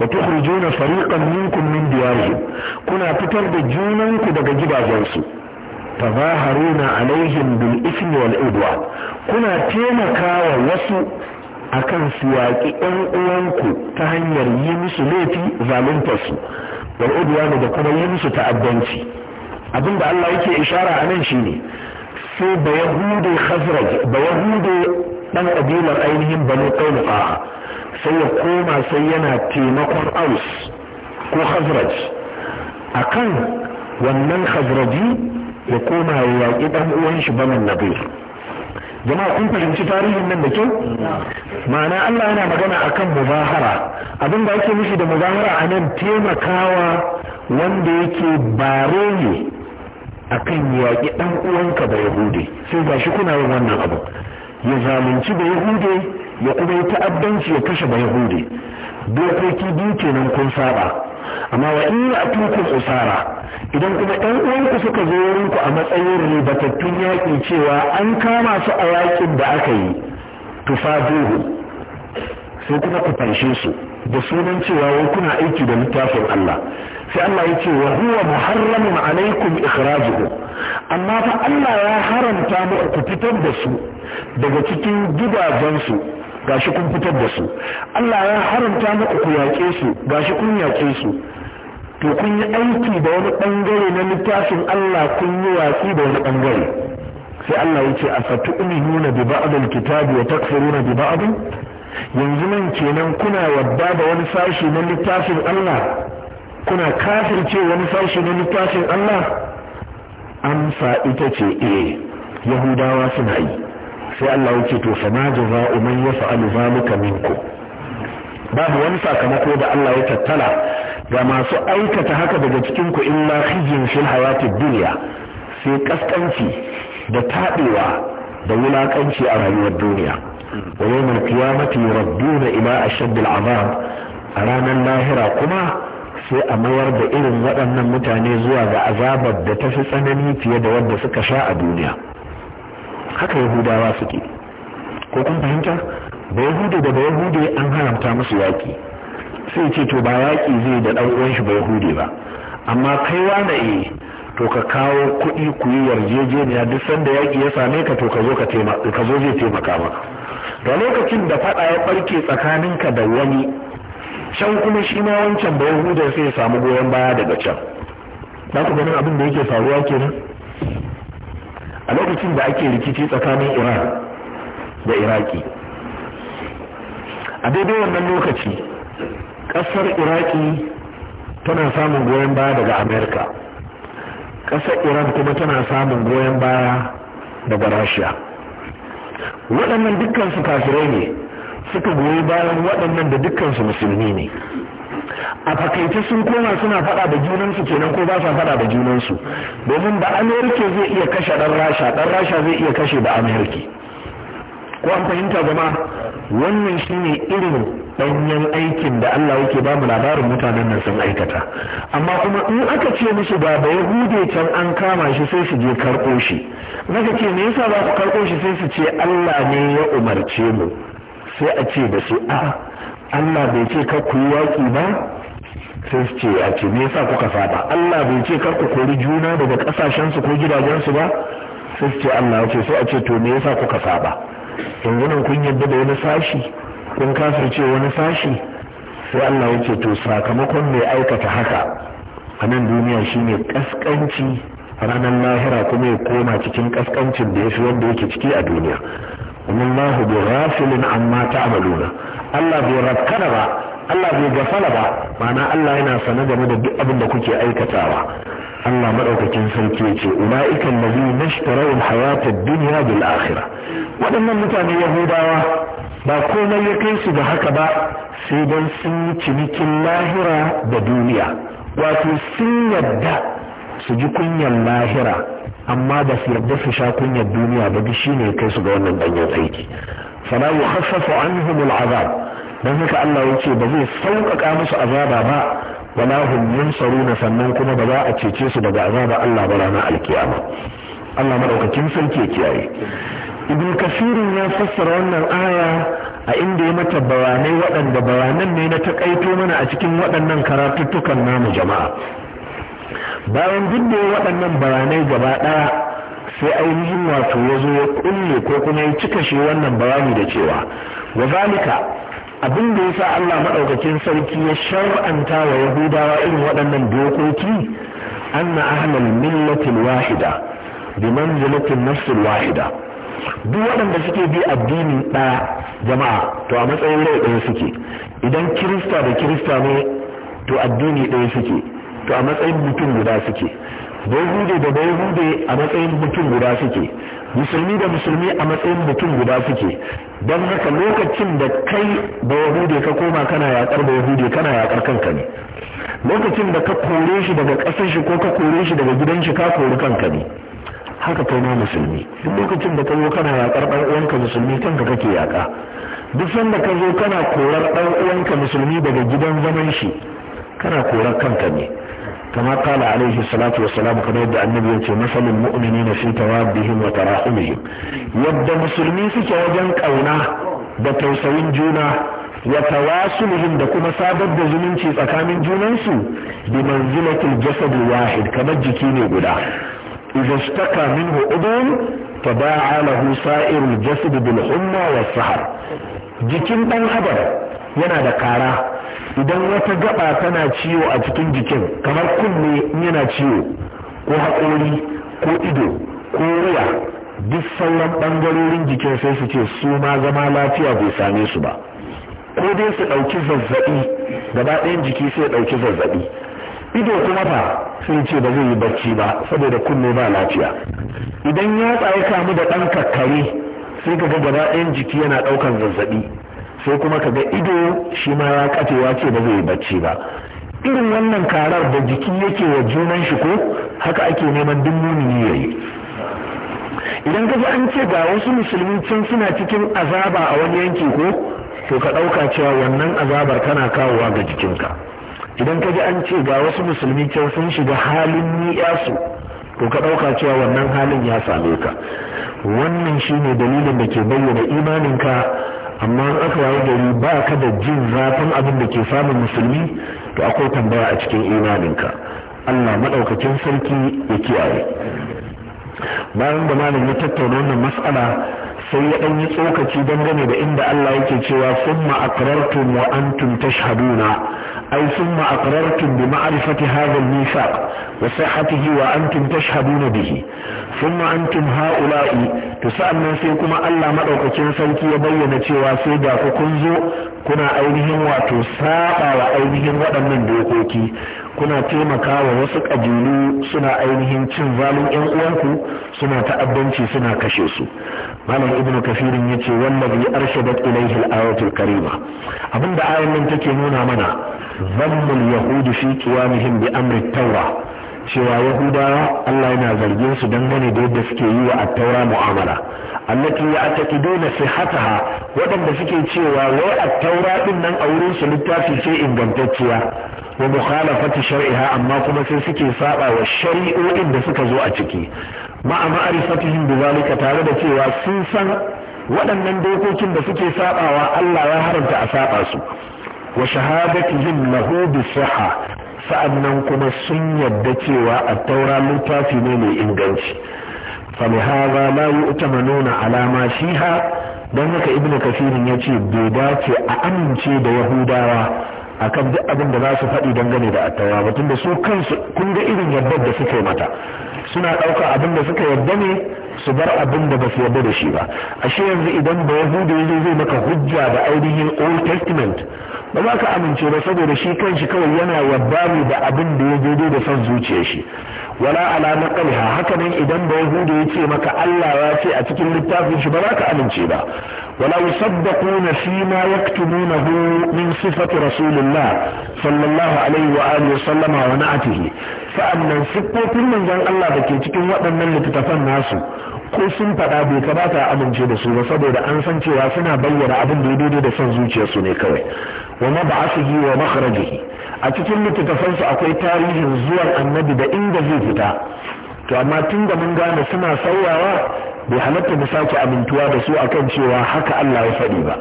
wa tukhrijuna fariqan minkum min diyarihim kuna fitar da junanku daga gidajensu tazaharuna alaihim bil ismi wal udwan kuna taimakawa wasu akan su yaƙi uwanku ta hanyar yi musu laifi zaluntarsu wal udwan da kuma yi musu ta'addanci abin da Allah yake ishara a nan shine sai ba yahude khazraj ba yahude dan kabilar ainihin banu qainuqa sai ya koma sai yana taimakon aus ko khazraj akan wannan khazraji ya koma ya yaƙi dan uwan shi banan nabir jama'a kun fahimci tarihin nan da kyau ma'ana Allah yana magana akan muzahara abin da ake nufi da muzahara a nan taimakawa wanda yake bare ne a kan yaƙi ɗan uwanka da yahude sai ga shi kuna yin wannan abu ya zalunci da yahude ya kuma yi ta'addanci ya kashe da yahude dokoki biyu kenan kun saba amma wa in ya tukun usara idan kuma ɗan uwanku suka zo wurin ku a matsayin ribatattun yaƙi cewa an kama su a yaƙin da aka yi tufa duhu sai kuma ku fanshe su da sunan cewa wai kuna aiki da littafin Allah sai Allah ya ce wa huwa muharramun alaikum ikhrajuhu amma fa Allah ya haramta muku ku fitar da su daga cikin gidajensu gashi kun fitar da su Allah ya haramta muku ku yaƙe su gashi kun yaƙe su to kun yi aiki da wani bangare na littafin Allah kun yi watsi da wani bangare sai Allah ya ce afatu'minuna bi ba'd al-kitabi wa takfuruna bi ba'd yanzu nan kenan kuna wadda da wani sashi na littafin Allah kuna kafirce wani sashi na littafin Allah amsa ita ce eh yahudawa suna yi sai Allah ya to fa ma jaza'u man yaf'alu zalika minkum babu wani sakamako da Allah ya tattala ga masu aikata haka daga cikin ku illa khizyun fil hayatid dunya sai kaskanci da taɓewa, da wulakanci a rayuwar duniya wa yawmal qiyamati na ila ashadd al'azab a ranar lahira kuma sai a mayar da irin waɗannan mutane zuwa ga azabar da ta fi tsanani fiye da wadda suka sha a duniya haka yahudawa suke ko kun fahimta da yahudu da da yahudu an haramta musu yaƙi sai ce to ba yaƙi zai da ɗan shi ba yahudu ba amma kai wane eh to ka kawo kuɗi ku yi yarjejeniya duk sanda yaƙi ya same ka to ka zo zai taimaka maka da lokacin da faɗa ya barke tsakaninka da wani shan kuma shi ma wancan ba yahuda sai ya samu goyon baya daga can za ku ganin abin da yake faruwa kenan a lokacin da ake rikici tsakanin iran da iraki a daidai wannan lokaci ƙasar iraki tana samun goyon baya daga amerika ƙasar iran kuma tana samun goyon baya daga rasha waɗannan dukkansu kafirai ne suka goyi bayan waɗannan da dukkansu musulmi ne a fakaice sun koma suna faɗa da junansu kenan ko ba sa faɗa da junansu domin da amerika zai iya kashe ɗan rasha ɗan rasha zai iya kashe da amerika ko an fahimta zama wannan shine irin ɗanyen aikin da Allah yake ba mu labarin mutanen nan sun aikata amma kuma in aka ce musu ba da gude can an kama shi sai su je karɓo shi naka ce me yasa ba ku karɓo shi sai su ce Allah ne ya umarce mu sai a ce da su a Allah bai ce kar ku yi waƙi ba sai su ce a ce me yasa kuka saba Allah bai ce kar ku kori juna daga ƙasashensu ko gidajensu ba sai su ce Allah ya ce sai a ce to me yasa kuka saba yanzu nan kun yadda da wani sashi kun ce wani sashi sai Allah ya ce to sakamakon mai aikata haka a nan duniya shine kaskanci ranar lahira kuma ya koma cikin kaskancin da ya fi wanda yake ciki a duniya wallahu bi ghafilin amma ta'maluna Allah bai rakkana ba Allah bai gafala ba ma'ana Allah yana sane game da duk abin da kuke aikatawa Allah madaukakin sarki yace ulaiikal ladina ishtaraw alhayata ad duniya da akhirah waɗannan mutane yahudawa ba komai ya kai su da haka ba sai dan sun yi cinikin lahira da duniya wato sun yadda su ji kunyar lahira amma ba su yadda su sha kunyar duniya ba shi ne ya kai su ga wannan danyen aiki fala yukhaffafu anhum al'azab dan haka Allah yace ba zai sauƙaƙa musu azaba ba wala hum sannan kuma ba za a cece su daga azaba Allah ba ranar alkiyama Allah madaukakin sarki kiyaye ibn kasir ya fassara wannan aya a inda ya mata bayanai waɗanda bayanan ne na takaito mana a cikin waɗannan karatuttukan namu jama'a bayan duk da waɗannan bayanai gaba ɗaya sai ainihin wato ya zo ya kulle ko kuma ya cika shi wannan bayani da cewa wa zalika abin da ya sa Allah maɗaukakin sarki ya shar'anta wa yahudawa irin waɗannan dokoki anna ahlal millatil wahida bi manzilatin nafsil wahida duk waɗanda suke bi addini ɗaya jama'a to a matsayin rai ɗaya suke idan kirista da kirista ne to addini ɗaya suke to a matsayin mutum guda suke bai da bai a matsayin mutum guda suke musulmi da musulmi a matsayin mutum guda suke don haka lokacin da kai da yahudi ka koma kana yakar da yahudi kana yakar kanka ne lokacin da ka kore shi daga ƙasar shi ko ka kore shi daga gidan shi ka kori kanka ne haka kai ma musulmi duk lokacin da ka zo kana yakar ɗan uwanka musulmi kanka kake yaka duk sanda ka zo kana korar ɗan uwanka musulmi daga gidan zaman shi kana korar kanka ne كما قال عليه الصلاة والسلام كما يدعى النبي في مثل المؤمنين في توابهم وتراحمهم يبدا مسلمين في كوجن كونا da tausayin juna wa tawasulihim da kuma sadar da zumunci tsakanin junansu bi manzilatil jasad wahid kamar jiki ne guda idza ishtaka minhu udun tada'a lahu sa'irul jasad bil humma was jikin dan adam yana da kara idan wata gaba tana ciwo a cikin jikin kamar kunne yana ciwo ko haƙori ko ido ko wuya duk sauran ɓangarorin jikin sai su ce su ma zama lafiya bai same su ba ko dai su ɗauki zazzaɓi gaba ɗayan jiki sai ɗauki zazzaɓi ido kuma fa sai ce ba zai yi barci ba saboda kunne ba lafiya idan yatsa ya kamu da ɗan kakkare sai ka ga gaba ɗayan jiki yana ɗaukan zazzaɓi sai kuma ka ga ido shi ma ya kace ya ce ba zai yi bacci ba irin wannan karar da jiki yake wa junan shi ko haka ake neman duk mumini yayi idan ka ji an ce ga wasu musulmi can suna cikin azaba a wani yanki ko to ka ɗauka cewa wannan azabar kana kawowa ga jikinka idan ka ji an ce ga wasu musulmi can sun shiga halin ni'yasu to ka ɗauka cewa wannan halin ya same ka wannan shine dalilin da ke bayyana imaninka amma in aka waye gari ba ka da jin zafin abin da ke samun musulmi to akwai tambaya a cikin imaninka Allah maɗaukakin sarki ya kiyaye bayan da malam ya tattauna wannan mas'ala sai ya ɗan yi tsokaci dangane da inda Allah yake cewa summa aqrartum wa antum tashhaduna ay summa aqrartum bi ma'rifati hadha al wa sihhatihi wa antum tashhaduna bihi summa antum ha'ula'i to sa'annan sai kuma Allah maɗaukacin sarki ya bayyana cewa sai da ku kun zo kuna ainihin wato saɓa wa ainihin waɗannan dokoki kuna taimaka wa wasu ƙabilu suna ainihin cin zalin yan uwanku suna ta'addanci suna kashe su malam ibn kafirin ya ce wallazi arshadat ilaihi al-ayatul karima abinda ayan nan take nuna mana zammul yahudu fi qiyamihim bi amri tawra cewa yahuda Allah yana zargin su gani da yadda suke yi wa attaura mu'amala allati ya ataki dole sihataha waɗanda suke cewa wai attaura din nan a wurin su littafi ce ingantacciya wa mukhalafati shar'iha amma kuma sai suke saba wa shari'o'in da suka zo a ciki ma'a ma'arifatihim bi tare da cewa sun san waɗannan dokokin da suke sabawa Allah ya haramta a saba su wa shahadatihim lahu bi sihha sa'annan kuma sun yadda cewa at-taura littafi ne mai inganci فلهذا لا يؤتمنون على ما فيها don haka ibnu kasirin ya ce bai dace a amince da yahudawa akan duk abin da za su faɗi dangane da attawa mutum da su kansu kun ga irin yadda da suka mata suna ɗauka abin da suka yadda ne su bar abin da ba su yadda da shi ba ashe yanzu idan ba yahudu ya zai maka hujja da ainihin old testament ba za ka amince ba saboda shi kanshi kawai yana wabbali da abin da ya daidai da son zuciyar shi wala ala naqliha haka nan idan ba yahudu ya ce maka Allah ya ce a cikin littafin shi ba za ka amince ba wala yusaddaquna fi ma yaktumunahu min sifati rasulillah sallallahu alaihi wa alihi sallama wa na'atihi sa'annan siffofin manzon Allah da ke cikin waɗannan littattafan nasu ko sun faɗa bai kamata a amince da su ba saboda an san cewa suna bayyana abin da ya daidai da son zuciyarsu ne kawai wa mab'athihi wa makhrajihi a cikin littattafan su akwai tarihin zuwan annabi da inda zai fita to amma tun da mun gane suna sauyawa bai halarta mu sake amintuwa da su akan cewa haka Allah ya faɗi ba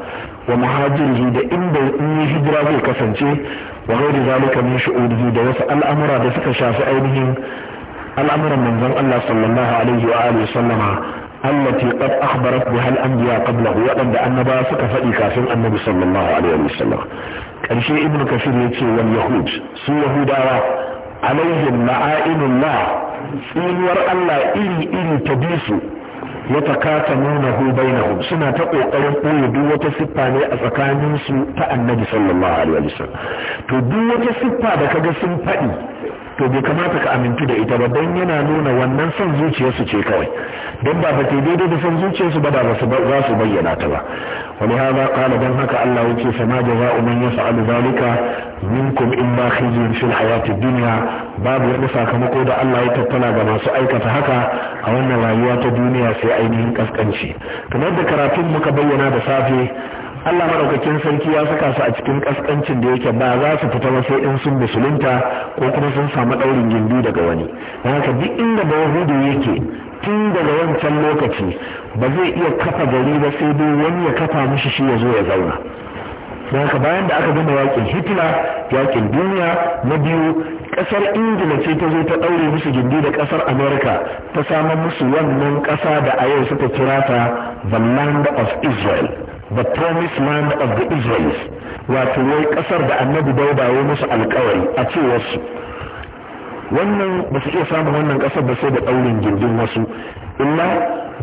wa muhajirihi da inda in yi hijira zai kasance wa da zalika min shu'urihi da wasu al'amura da suka shafi ainihin al'amuran manzon Allah sallallahu alaihi wa sallama allati qad akhbarat biha al-anbiya kabla. Waɗanda annaba suka faɗi kafin annabi sallallahu alaihi wasallam karshe ibnu kafir yace wal yahud su yahudawa alaihim la'ainullah tsinuwar Allah iri iri ta bisu ya takata nuna hu bainahum suna ta ƙoƙarin koyi duk wata siffa ne a tsakanin su ta annabi sallallahu alaihi wasallam to duk wata siffa da kaga sun faɗi to bai kamata ka amintu da ita ba don yana nuna wannan son zuciyarsu ce kawai don ba ba daidai da son zuciyarsu ba da ba za su bayyana ta ba wani haza kala don haka Allah yake sama jaza'u man yaf'alu zalika minkum in ma khizyun fil hayati dunya babu wani sakamako da Allah ya tattala ga masu aikata haka a wannan rayuwa ta duniya sai ainihin kaskanci kamar da karatun muka bayyana da safe Allah madaukakin sarki ya saka su a cikin kaskancin da yake ba za su fita ba sai in sun musulunta ko kuma sun samu daurin gindi daga wani don haka duk inda ba yahudu yake tun daga wancan lokaci ba zai iya kafa gari ba sai dai wani ya kafa mishi shi ya zo ya zauna don haka bayan da aka gama yakin hitler yakin duniya na biyu kasar ingila ce ta zo ta daure musu gindi da kasar america ta samu musu wannan kasa da a yau suka kira ta the land of israel the promised land of the israelis wato wai kasar da annabi dauda ya musu alkawari a cewar su wannan ba su iya samun wannan kasar ba sai da daurin gindin wasu illa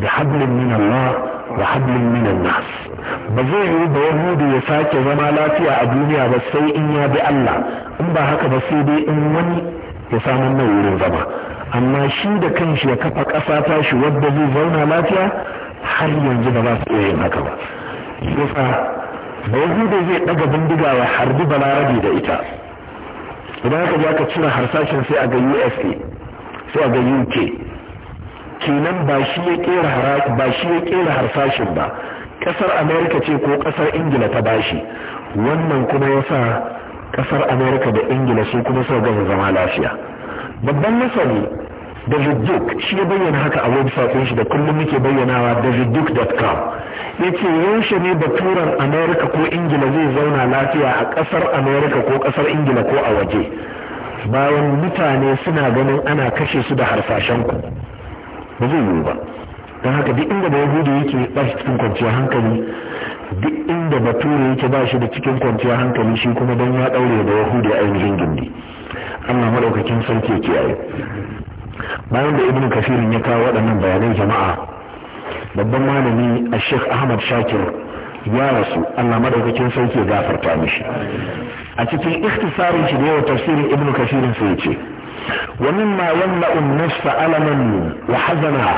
da hablin min Allah wa hablin min nas ba zai yi da yahudi ya sake zama lafiya a duniya ba sai in ya bi Allah in ba haka ba sai dai in wani ya samu nan wurin zama amma shi da kanshi ya kafa ƙasa shi wadda zai zauna lafiya har yanzu ba za su iya yin haka ba kusa da zai ɗaga bindiga ya harbi balarabi da ita idan aka aka cire harsashin sai a ga usa sai a ga uk kenan ba shi ya kera harsashin ba ƙasar amerika ce ko ƙasar ingila ta bashi wannan kuma ya sa ƙasar amerika da ingila su kuma sau gama zama lafiya babban masani David Duke shi ya bayyana haka a website safin shi da kullum muke bayyanawa davidduke.com ya ce yaushe ne baturan amurka ko Ingila zai zauna lafiya a kasar amurka ko kasar Ingila ko a waje bayan mutane suna ganin ana kashe su da harsashen ku ba zai yiwu ba don haka duk inda da yahudu yake ba shi cikin kwanciyar hankali duk inda bature yake ba shi da cikin kwanciyar hankali shi kuma don ya daure da yahudu ainihin gindi Allah maɗaukakin sarki ya kiyaye bayan da ibn kafirin ya kawo waɗannan bayanai jama'a babban malami a sheikh ahmad shakir ya rasu allah madaukakin sauki ya gafarta mishi a cikin ikhtisarin shi da yawa tafsirin ibn kafirin sai ya ce wani mimma yamla'u an-nafsa alaman wa hazana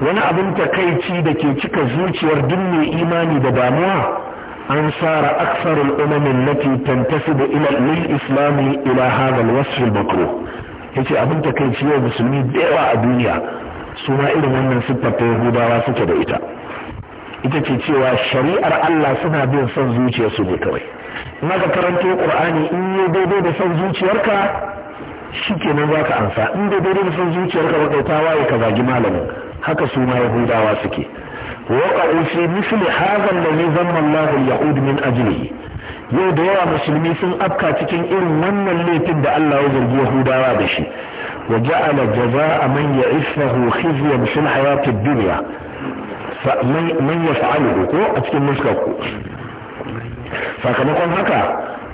wani abin takaici da ke cika zuciyar duk mai imani da damuwa an sara aksarul umamin lati tantasibu da lil islami ila hadha al-wasf makruh yace abin ta kai ciwo musulmi da yawa a duniya su ma irin wannan siffar ta yahudawa suke da ita ita ce cewa shari'ar Allah suna bin son zuciyarsu ne kawai in aka karanto qur'ani in yi daidai da son zuciyarka shikenan za ka ansa in da daidai da son zuciyarka ba kai tawaye ka zagi malamin haka su ma yahudawa suke waqa'u fi misli hadha alladhi zamma Allahu al-yahud min ajlihi yau da yawa musulmi sun afka cikin irin wannan laifin da Allah ya zargi Yahudawa da shi wa ja'ala a man ya'ifahu khizyan fil hayatid dunya fa man yaf'aluhu ko a cikin muskar ku sakamakon haka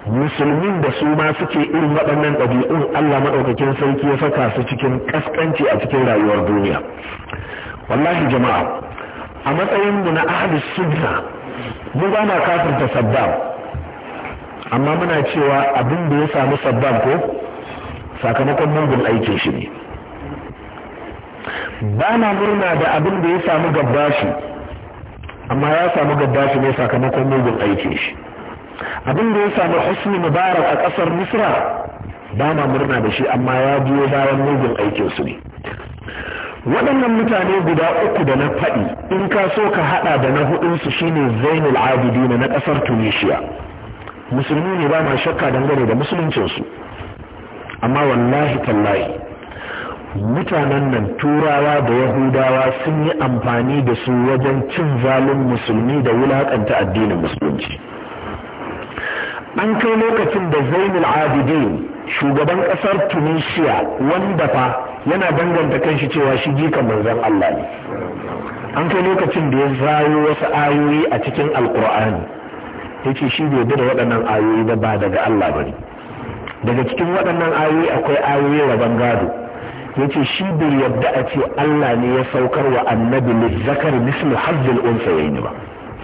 musulmin da su ma suke irin waɗannan ɗabi'un Allah maɗaukakin sarki ya saka su cikin ƙasƙanci a cikin rayuwar duniya wallahi jama'a a matsayin mu na ahli sunna mu ba na kafirta saddam amma muna cewa abin da ya samu sabbab ko sakamakon mugun aike shi ne ba na murna da abin da ya samu gabashi amma ya samu gabashi ne sakamakon mugun aike shi abin da ya samu husni mubarak a kasar misra ba na murna da shi amma ya biyo bayan mugun aikin su ne waɗannan mutane guda uku da na faɗi in ka so ka haɗa da na hudunsu shine zainul abidina na ƙasar tunisia musulmi ne ba ma shakka dangane da musuluncinsu amma wallahi tallahi mutanen nan turawa da yahudawa sun yi amfani da su wajen cin zalun musulmi da wulakanta addinin musulunci an kai lokacin da zainul abidin shugaban kasar tunisia wanda fa yana danganta kanshi cewa shi jika manzon allah ne an kai lokacin da ya zayo wasu ayoyi a cikin alkur'ani ce shi bai da waɗannan ayoyi ba ba daga Allah bane daga cikin waɗannan ayoyi akwai ayoyi rabon gado yace shi bai yadda a ce Allah ne ya saukar wa annabi lizzakar mislu hazzil unsayayn ba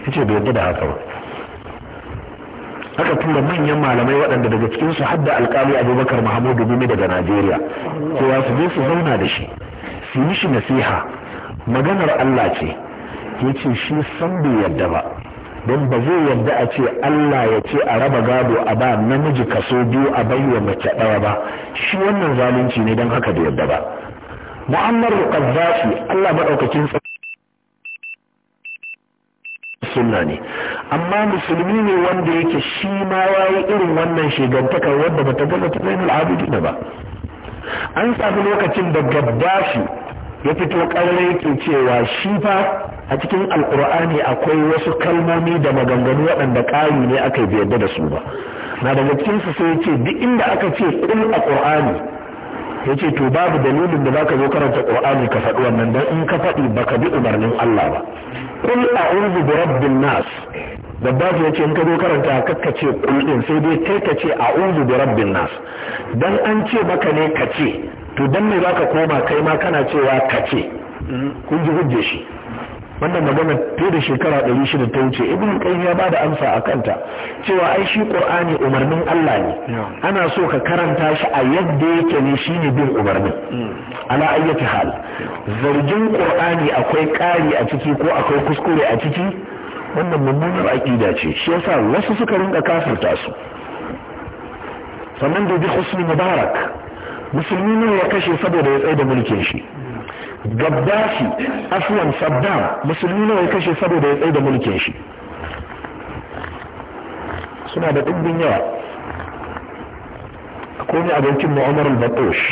yace bai yadda da haka ba aka tura manyan malamai waɗanda daga cikinsu hadda alkali abubakar mahamudu gumi daga najeriya cewa su je su zauna da shi su yi shi nasiha maganar allah ce ya ce shi san bai yadda ba don ba zai yarda a ce Allah ya ce a raba gado a ba namiji kaso biyu a bayyana mace ɗaya ba shi wannan zalunci ne don haka da yarda ba mu'ammar qaddafi Allah maɗaukakin sunna ne amma musulmi ne wanda yake shi ma yayi irin wannan shigantaka wanda bata gaza ta zainul abidin ba an samu lokacin da gaddafi ya fito ƙarar cewa shi fa a cikin alkur'ani akwai wasu kalmomi da maganganu waɗanda ƙari ne aka yi da su ba na daga cikinsu sai ya ce duk inda aka ce kul a ƙur'ani ya ce to babu dalilin da za ka zo karanta ƙur'ani ka faɗi wannan don in ka faɗi ba ka bi umarnin Allah ba kul a urzu bi rabbin nas babba ya ce in ka zo karanta kakka ce kul din sai dai kai ka ce a urzu bi rabbin nas don an ce maka ne ka ce to dan me zaka koma kai ma kana cewa kace kun ji hujje shi wannan magana fiye da shekara ɗari shida ta wuce ibn qayyim ya bada amsa a kanta cewa ai shi qur'ani umarnin Allah ne ana so ka karanta shi a yadda yake ne shine bin umarnin mm. ala ayyati hal zargin qur'ani akwai ƙari a ciki ko akwai kuskure a ciki wannan mummunar aƙida ce shi yasa wasu suka rinka kafirta su sannan da bi husni mubarak musulmi ne ya kashe saboda ya tsaye da mulkin shi gaddafi Aswan, saddam musulmi ne ya kashe saboda ya tsaye da mulkin shi suna da ɗimbin yawa akwai ne abokin mu'amar al-batosh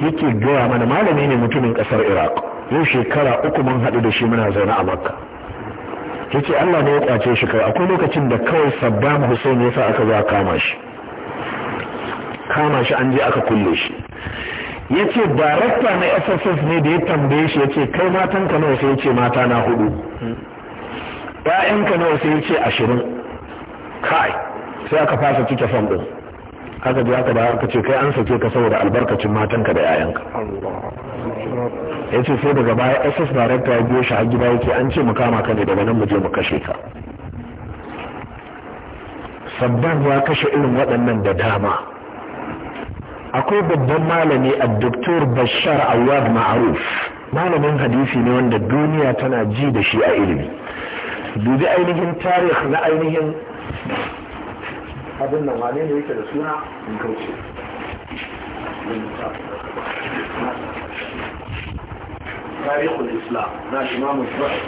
yake gaya mana malami ne mutumin ƙasar iraq yau shekara uku mun haɗu da shi muna zaune a makka yace allah ne ya tsace shi kawai. akwai lokacin da kawai saddam hussein ya sa aka zo a kama shi kama shi an je aka kulle shi ya ce darakta na sss ne da ya tambaye shi ya ce kai matanka nawa sai ya ce mata na hudu ƴaƴan nawa sai ya ce ashirin kai sai aka fasa cike fam ɗin aka je aka da ce kai an sake ka saboda albarkacin matanka da ƴaƴan ka ya ce sai daga baya ss darakta ya biyo shi har gida ya ce an ce mu kama ka ne daga nan mu je mu kashe ka sabban ya kashe irin waɗannan da dama akwai babban malami a doktor bashar awad ma'aruf malamin hadisi ne wanda duniya tana ji da shi a ilimi dubi ainihin tarih na ainihin abin nan wane ne yake da suna in kauce تاريخ الإسلام ناس إمام الشرعي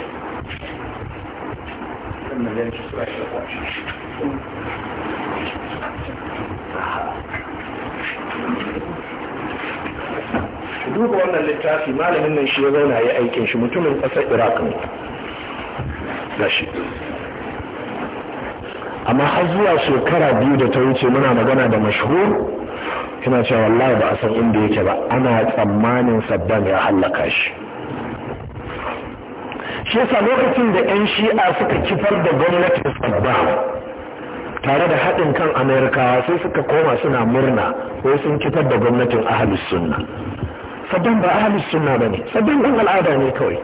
لما لين الشرعي duba wannan littafi malamin nan shi ya zauna ya aikin shi mutumin ƙasar iraq ne shi amma har zuwa shekara biyu da ta wuce muna magana da mashhur ina cewa wallahi ba a san inda yake ba ana tsammanin sabban ya hallaka shi shi yasa lokacin da 'yan shi'a suka kifar da gwamnatin sabba tare da haɗin kan amerikawa sai suka koma suna murna wai sun kitar da gwamnatin ahalus sunna sabbin ba ahalus sunna ba ne sabbin ɗan al'ada ne kawai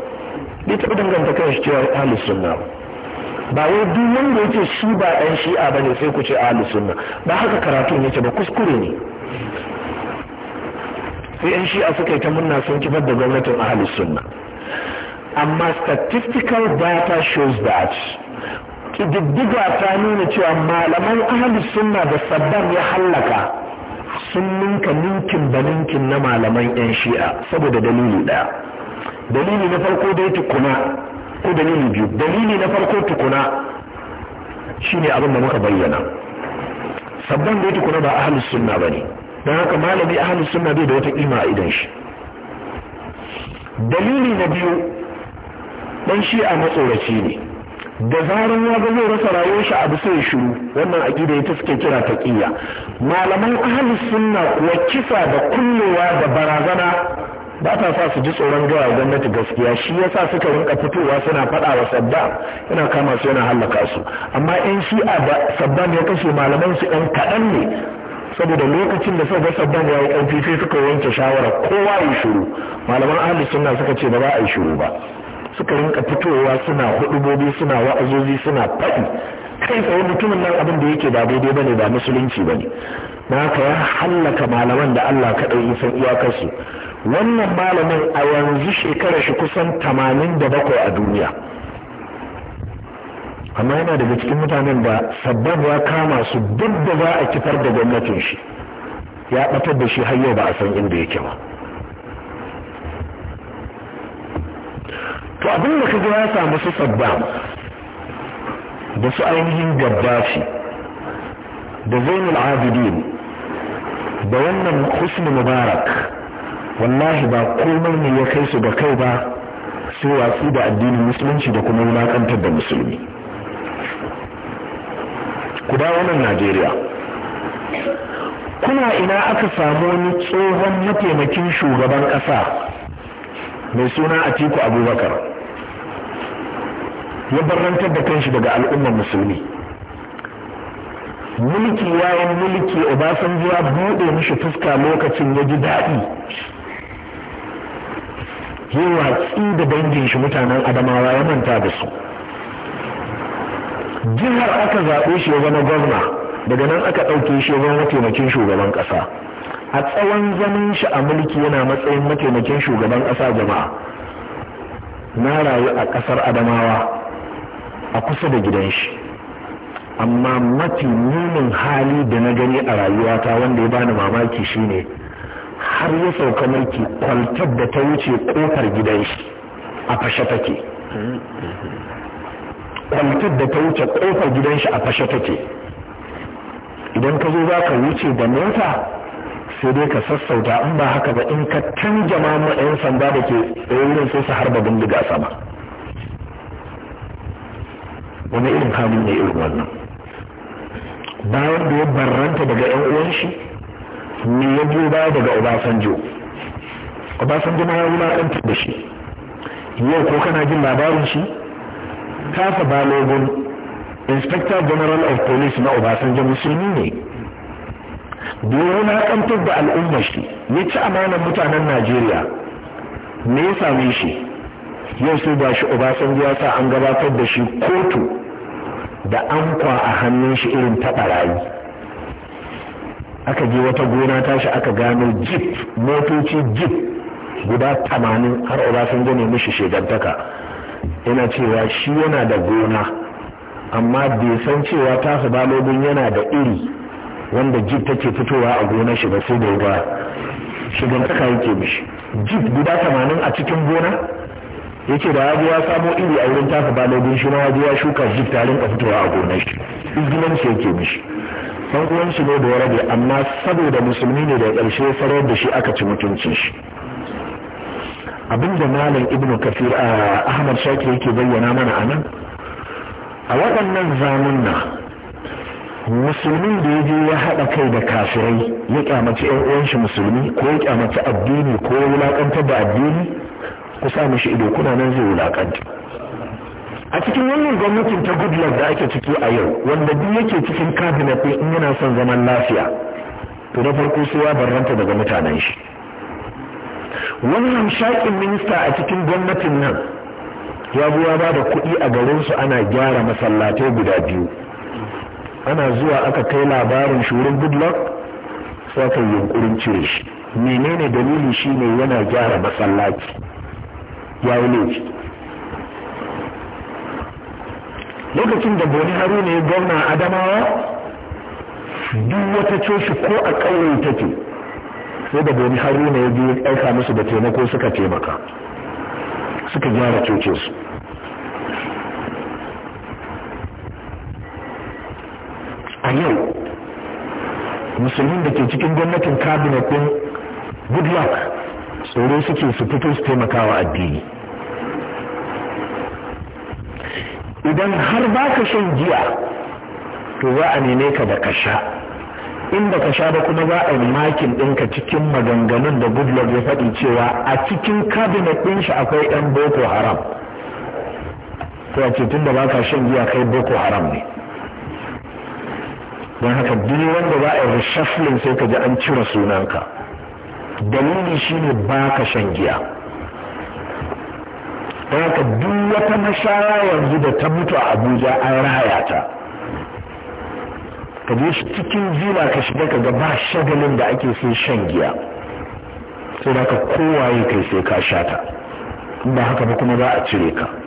bai taɓa danganta kan shi cewa ahalus sunna ba ba wai duk wanda yake shi ba ɗan shi'a ba ne sai ku ce ahalus sunna ba haka karatun ce ba kuskure ne sai ɗan shi'a suka yi ta murna sun kifar da gwamnatin ahalus sunna amma statistical data shows that ƙididdiga ta nuna cewa malaman ahalus sunna da saddam ya hallaka sun ninka ninkin da ninkin na malaman 'yan shi'a saboda dalili ɗaya dalili na farko dai tukuna ko dalili biyu dalili na farko tukuna shine abin da muka bayyana saddam dai tukuna ba ahalus sunna ba ne don haka malami ahalus sunna bai da wata kima a idan shi dalili na biyu ɗan shi'a matsoraci ne da zaran ya ga zai rasa rayuwar shi abu sai shiru wannan aqida ita suke kira taqiyya malaman ahli sunna kuwa kisa da kullewa da barazana ba ta sa su ji tsoron gawa gwamnati gaskiya shi yasa suka rinka fitowa suna faɗa wa saddam yana kama su yana hallaka su amma in shi a saddam ya kashe malaman su ɗan kaɗan ne saboda lokacin da suka ga saddam ya yi ƙarfi sai suka wanke shawarar kowa ya shiru malaman ahli sunna suka ce ba za a yi shiru ba suka rinka fitowa suna hudubobi suna wa'azozi suna faɗi kai tsaye mutumin nan abin da yake ba daidai bane ba musulunci bane na ka ya hallaka malaman da Allah kaɗai isan iyakarsu wannan malamin a yanzu shekarar shi kusan tamanin da bakwai a duniya amma yana daga cikin mutanen da sabbin ya kama su duk da za a kifar da gwamnatin shi ya ɓatar da shi har yau ba a san inda yake ba to abinda ka kaga ya samu su da su ainihin gaddafi da zainul abidin da wannan husni mubarak wallahi ba komai ne ya kai su ga kai ba sai watsi da addinin musulunci da kuma wulakantar da musulmi ku wannan najeriya kuna ina aka samu wani tsohon mataimakin shugaban ƙasa mai suna atiku abubakar ya barrantar da kanshi daga al'ummar musulmi mulki yayin mulki obasanjo zuwa buɗe mishi fuska lokacin ya ji daɗi yi watsi da dangin shi mutanen adamawa ya manta da su jihar aka zaɓe shi ya zama gwamna daga nan aka ɗauke shi ya zama mataimakin shugaban ƙasa a tsawon zaman shi a mulki yana matsayin mataimakin shugaban ƙasa jama'a na rayu a ƙasar adamawa a kusa da gidan shi amma mafi munin hali da na gani a rayuwata wanda ya bani mamaki shine har ya sauka mulki kwaltar da ta wuce ƙofar gidan shi a fashe take kwaltar da ta wuce ƙofar gidan shi a fashe take idan ka zo za ka wuce da mota sai dai ka sassauta in ba haka ba in ka canja ma yan sanda da ke tsaye sai su harba bindiga sama wani irin hali ne irin wannan bayan da ya barranta daga yan uwan shi me ya biyo baya daga obasanjo obasanjo ma ya wulaƙantar da shi yau ko kana jin labarin shi kafa balogun inspector general of police na obasanjo musulmi ne domin na wulaƙantar da al'ummar shi ya ci amanar mutanen najeriya me ya same shi yau su ba shi obasanjo ya sa an gabatar da shi kotu da an kwa a hannun shi irin ta ɓarayi aka je wata gona tashi aka gano jip motoci jip guda tamanin har obasanjo ne mishi shegantaka yana cewa shi yana da gona amma bai san cewa tasu balobin yana da iri wanda jib take fitowa a gonar shi ba sai da ruwa shigan kaka yake mishi jib guda tamanin a cikin gona yake da waje ya samo iri a wurin ba laifin shi na waje ya shuka jib ta rinka fitowa a gonar shi shi yake mishi san uwan shi ne da warabe amma saboda musulmi ne da ƙarshe farar da shi aka ci mutuncin shi abinda malam ibnu kafir ah, ahmad Shaki yake bayyana mana anan a waɗannan nan. musulmin da ya je ya haɗa kai da kafirai ya kyamaci yan uwanshi musulmi ko ya kyamaci addini ko ya wulakantar da addini ku sa mishi ido kuna nan zai wulakanta a cikin wannan gwamnatin ta goodluck da ake ciki a yau wanda duk yake cikin cabinet in yana son zaman lafiya to na farko sai ya barranta daga mutanen shi wannan shakin minista a cikin gwamnatin nan ya ya ba da kuɗi a garinsu ana gyara masallatai guda biyu ana zuwa aka kai labarin shurin goodluck sai aka yunkurin cire shi menene dalili shine yana gyara masallaci ya yi lokacin da boni haruna ya gwamna adamawa duk wata coci ko a ƙauye take sai da boni haruna ya biyu aika musu da taimako suka taimaka suka gyara cocinsu a yau musulmin da ke cikin gwamnatin cabinet din good luck tsoro suke su fito su taimakawa addini idan har ba ka shan giya to za a neme ka da ka sha Inda ka sha ba kuma za a yi makin ɗinka cikin maganganun da goodluck ya faɗi cewa a cikin cabinet ɗin shi akwai 'yan boko haram ko a ce tun da ba ka shan giya kai boko haram ne don haka duk wanda za a yi reshuffling sai ka ji an cire sunanka dalili shine ba ka shan giya don haka duk wata mashaya yanzu da ta mutu a abuja an raya ta ka je cikin zila ka shiga ka ga ba shagalin da ake sai shan giya sai da ka kowaye kai sai ka sha ta ba haka ba kuma za a cire ka